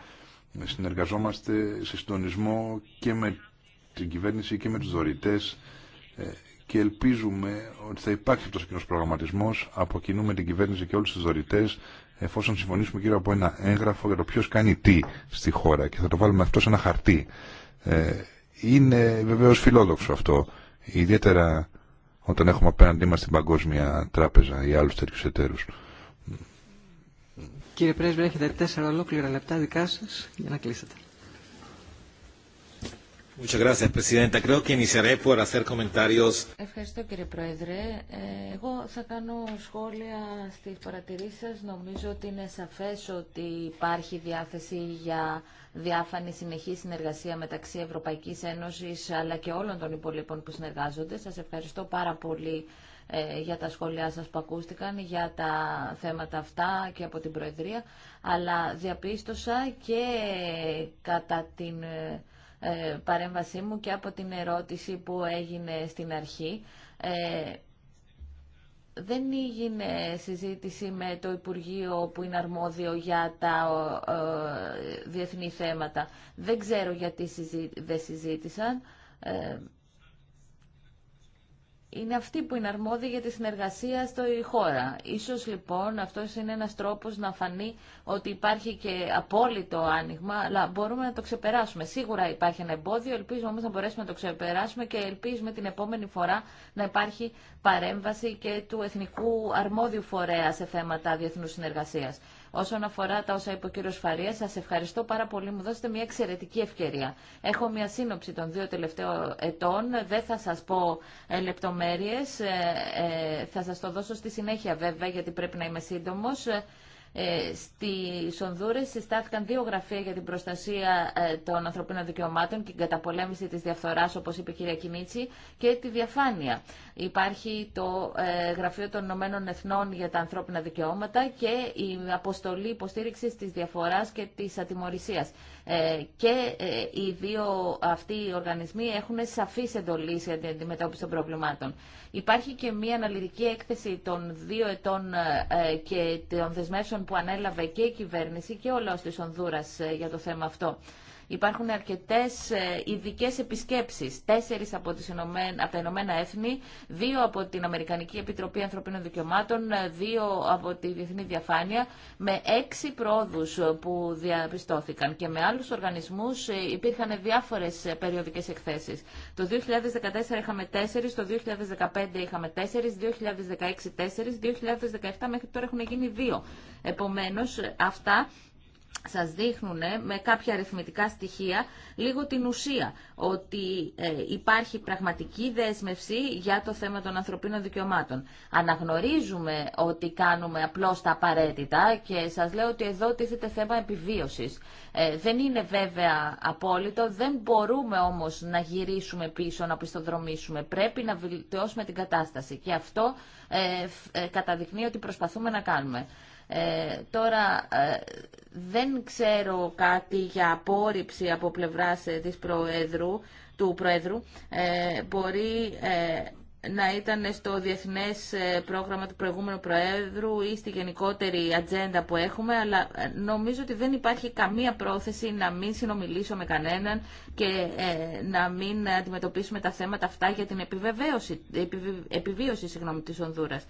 [SPEAKER 4] συνεργαζόμαστε σε συντονισμό και με την κυβέρνηση και με τους δωρητές ε, και ελπίζουμε ότι θα υπάρξει αυτός ο κοινός προγραμματισμός από την κυβέρνηση και όλους τους δωρητές εφόσον συμφωνήσουμε γύρω από ένα έγγραφο για το ποιο κάνει τι στη χώρα και θα το βάλουμε αυτό σε ένα χαρτί. Ε, είναι βεβαίω φιλόδοξο αυτό, ιδιαίτερα όταν έχουμε απέναντί μα την Παγκόσμια Τράπεζα ή άλλου τέτοιου εταίρου.
[SPEAKER 1] Κύριε Πρέσβη, έχετε τέσσερα ολόκληρα λεπτά δικά σα για να κλείσετε. Ευχαριστώ
[SPEAKER 3] κύριε Πρόεδρε. Ε, εγώ θα κάνω σχόλια στις παρατηρήσεις σας. Νομίζω ότι είναι σαφές ότι υπάρχει διάθεση για διάφανη συνεχή συνεργασία μεταξύ Ευρωπαϊκής Ένωσης αλλά και όλων των υπολείπων που συνεργάζονται. Σας ευχαριστώ πάρα πολύ ε, για τα σχόλιά σας που ακούστηκαν, για τα θέματα αυτά και από την Προεδρία, αλλά διαπίστωσα και κατά την ε, ε, παρέμβασή μου και από την ερώτηση που έγινε στην αρχή. Ε, δεν έγινε συζήτηση με το Υπουργείο που είναι αρμόδιο για τα διεθνή θέματα. Δεν ξέρω γιατί δεν συζήτησαν. Ε, είναι αυτή που είναι αρμόδιοι για τη συνεργασία στο χώρα. Ίσως λοιπόν αυτός είναι ένας τρόπος να φανεί ότι υπάρχει και απόλυτο άνοιγμα, αλλά μπορούμε να το ξεπεράσουμε. Σίγουρα υπάρχει ένα εμπόδιο, ελπίζω όμως να μπορέσουμε να το ξεπεράσουμε και ελπίζουμε την επόμενη φορά να υπάρχει παρέμβαση και του Εθνικού Αρμόδιου Φορέα σε θέματα διεθνούς συνεργασίας. Όσον αφορά τα όσα είπε ο κύριο Φαρία, σα ευχαριστώ πάρα πολύ. Μου δώσετε μια εξαιρετική ευκαιρία. Έχω μια σύνοψη των δύο τελευταίων ετών. Δεν θα σα πω ε, λεπτομέρειε. Ε, ε, θα σα το δώσω στη συνέχεια βέβαια, γιατί πρέπει να είμαι σύντομο. Ε, στις Ονδούρες συστάθηκαν δύο γραφεία για την προστασία ε, των ανθρωπίνων δικαιωμάτων και την καταπολέμηση της διαφθοράς, όπως είπε η κυρία Κινίτσι, και τη διαφάνεια. Υπάρχει το ε, Γραφείο των Ηνωμένων Εθνών για τα Ανθρώπινα Δικαιώματα και η αποστολή υποστήριξης της διαφοράς και της ατιμορρησίας. Ε, και οι δύο αυτοί οι οργανισμοί έχουν σαφείς εντολή για την αντιμετώπιση των προβλημάτων. Υπάρχει και μία αναλυτική έκθεση των δύο ετών ε, και των δεσμεύσεων που ανέλαβε και η κυβέρνηση και ο λαός της Ονδούρας ε, για το θέμα αυτό. Υπάρχουν αρκετέ ε, ειδικέ επισκέψεις, τέσσερις από, τα Ηνωμένα Έθνη, δύο από την Αμερικανική Επιτροπή Ανθρωπίνων Δικαιωμάτων, ε, δύο από τη Διεθνή Διαφάνεια, με έξι πρόοδου ε, που διαπιστώθηκαν και με άλλους οργανισμούς υπήρχαν διάφορες περιοδικές εκθέσεις. Το 2014 είχαμε τέσσερις, το 2015 είχαμε τέσσερις, 2016 τέσσερις, 2017 μέχρι τώρα έχουν γίνει δύο. επομένω αυτά σας δείχνουν με κάποια αριθμητικά στοιχεία λίγο την ουσία ότι ε, υπάρχει πραγματική δέσμευση για το θέμα των ανθρωπίνων δικαιωμάτων. Αναγνωρίζουμε ότι κάνουμε απλώς τα απαραίτητα και σας λέω ότι εδώ τίθεται θέμα επιβίωσης. Ε, δεν είναι βέβαια απόλυτο, δεν μπορούμε όμως να γυρίσουμε πίσω, να πιστοδρομήσουμε. Πρέπει να βελτιώσουμε την κατάσταση και αυτό ε, καταδεικνύει ότι προσπαθούμε να κάνουμε. Ε, τώρα ε, δεν ξέρω κάτι για απόρριψη από πλευράς ε, της Προέδρου, του Προέδρου. μπορεί να ήταν στο διεθνές πρόγραμμα του προηγούμενου Προέδρου ή στη γενικότερη ατζέντα που έχουμε, αλλά νομίζω ότι δεν υπάρχει καμία πρόθεση να μην συνομιλήσω με κανέναν και να μην αντιμετωπίσουμε τα θέματα αυτά για την επιβεβαίωση, επιβίωση συγγνώμη, της Ονδούρας.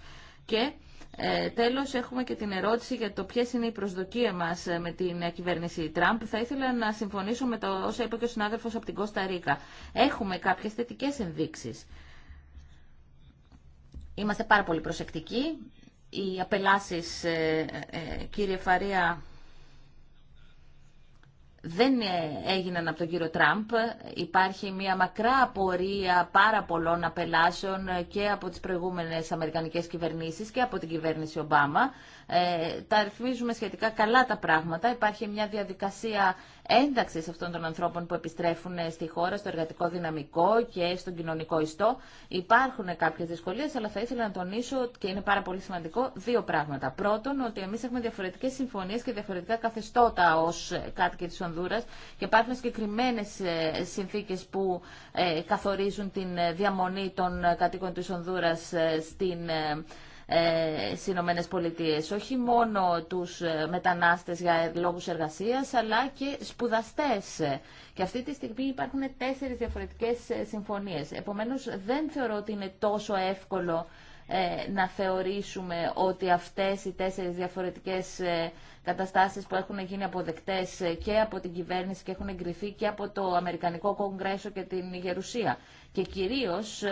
[SPEAKER 3] Και ε, τέλος, έχουμε και την ερώτηση για το ποιες είναι οι προσδοκία μας ε, με την ε, κυβέρνηση Τραμπ. Θα ήθελα να συμφωνήσω με το όσα είπε και ο συνάδελφος από την Κώστα Ρίκα. Έχουμε κάποιες θετικές ενδείξεις. Είμαστε πάρα πολύ προσεκτικοί. Οι απελάσεις, ε, κύριε Φαρία, δεν ε, έγιναν από τον κύριο Τραμπ. Υπάρχει μια μακρά απορία πάρα πολλών απελάσεων ε, και από τις προηγούμενες αμερικανικές κυβερνήσεις και από την κυβέρνηση Ομπάμα. Ε, τα αριθμίζουμε σχετικά καλά τα πράγματα. Υπάρχει μια διαδικασία ένταξης αυτών των ανθρώπων που επιστρέφουν ε, στη χώρα, στο εργατικό δυναμικό και στον κοινωνικό ιστό. Υπάρχουν κάποιες δυσκολίες, αλλά θα ήθελα να τονίσω και είναι πάρα πολύ σημαντικό δύο πράγματα. Πρώτον, ότι εμείς έχουμε διαφορετικές συμφωνίες και διαφορετικά καθεστώτα ως ε, κάτοικοι της Ονδούρας και υπάρχουν συγκεκριμένε ε, συνθήκες που καθορίζουν την διαμονή των κατοίκων της Ονδούρας στην ε, στι Ηνωμένε Πολιτείε. Όχι μόνο τους ε, μετανάστες για λόγους εργασίας, αλλά και σπουδαστές. Και αυτή τη στιγμή υπάρχουν τέσσερις διαφορετικές ε, συμφωνίες. Επομένως, δεν θεωρώ ότι είναι τόσο εύκολο να θεωρήσουμε ότι αυτές οι τέσσερις διαφορετικές καταστάσεις που έχουν γίνει αποδεκτές και από την κυβέρνηση και έχουν εγκριθεί και από το Αμερικανικό Κογκρέσο και την Γερουσία. Και κυρίως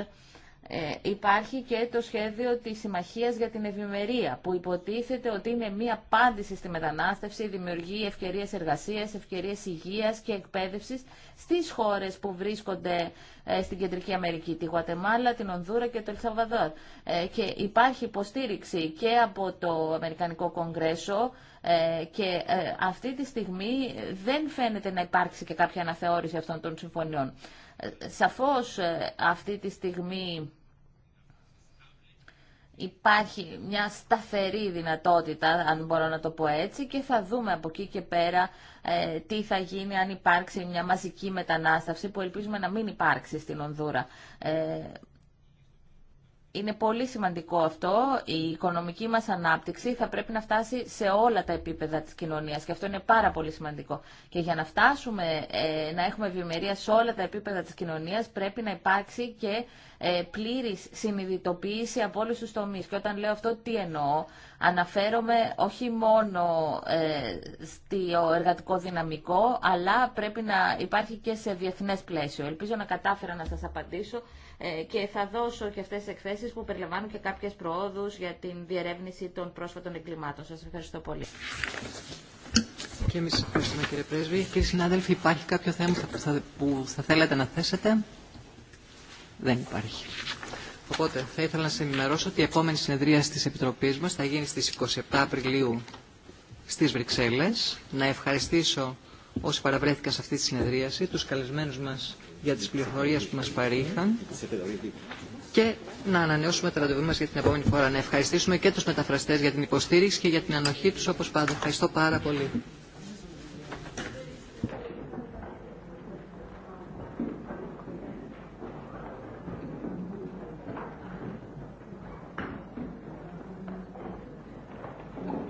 [SPEAKER 3] ε, υπάρχει και το σχέδιο της Συμμαχίας για την Ευημερία, που υποτίθεται ότι είναι μία απάντηση στη μετανάστευση, δημιουργεί ευκαιρίες εργασίας, ευκαιρίες υγείας και εκπαίδευσης στις χώρες που βρίσκονται ε, στην Κεντρική Αμερική, τη Γουατεμάλα, την Ονδούρα και το Ελσαβαδόρ. Ε, και υπάρχει υποστήριξη και από το Αμερικανικό Κογκρέσο, ε, και ε, αυτή τη στιγμή δεν φαίνεται να υπάρξει και κάποια αναθεώρηση αυτών των συμφωνιών. Σαφώς ε, αυτή τη στιγμή υπάρχει μια σταθερή δυνατότητα, αν μπορώ να το πω έτσι, και θα δούμε από εκεί και πέρα ε, τι θα γίνει αν υπάρξει μια μαζική μετανάστευση που ελπίζουμε να μην υπάρξει στην Ονδούρα. Ε, είναι πολύ σημαντικό αυτό. Η οικονομική μας ανάπτυξη θα πρέπει να φτάσει σε όλα τα επίπεδα της κοινωνίας και αυτό είναι πάρα πολύ σημαντικό. Και για να φτάσουμε ε, να έχουμε ευημερία σε όλα τα επίπεδα της κοινωνίας πρέπει να υπάρξει και ε, πλήρης συνειδητοποίηση από όλους τους τομείς. Και όταν λέω αυτό τι εννοώ, αναφέρομαι όχι μόνο ε, στο εργατικό δυναμικό αλλά πρέπει να υπάρχει και σε διεθνές πλαίσιο. Ελπίζω να κατάφερα να σας απαντήσω ε, και θα δώσω και αυτές τις εκθέσεις που περιλαμβάνουν και κάποιες προόδους για την διερεύνηση των πρόσφατων εγκλημάτων. Σας ευχαριστώ πολύ.
[SPEAKER 1] Και εμείς ευχαριστούμε κύριε Πρέσβη. Κύριοι συνάδελφοι, υπάρχει κάποιο θέμα που θα, που θα θέλατε να θέσετε. Δεν υπάρχει. Οπότε θα ήθελα να σας ενημερώσω ότι η επόμενη συνεδρία της Επιτροπής μας θα γίνει στις 27 Απριλίου στις Βρυξέλλες. Να ευχαριστήσω όσοι παραβρέθηκαν σε αυτή τη συνεδρίαση, τους καλεσμένους μας για τις πληροφορίες που μας παρήχαν και να ανανεώσουμε τα ραντεβού μας για την επόμενη φορά. Να ευχαριστήσουμε και τους μεταφραστές για την υποστήριξη και για την ανοχή τους όπως πάντα. Ευχαριστώ πάρα πολύ.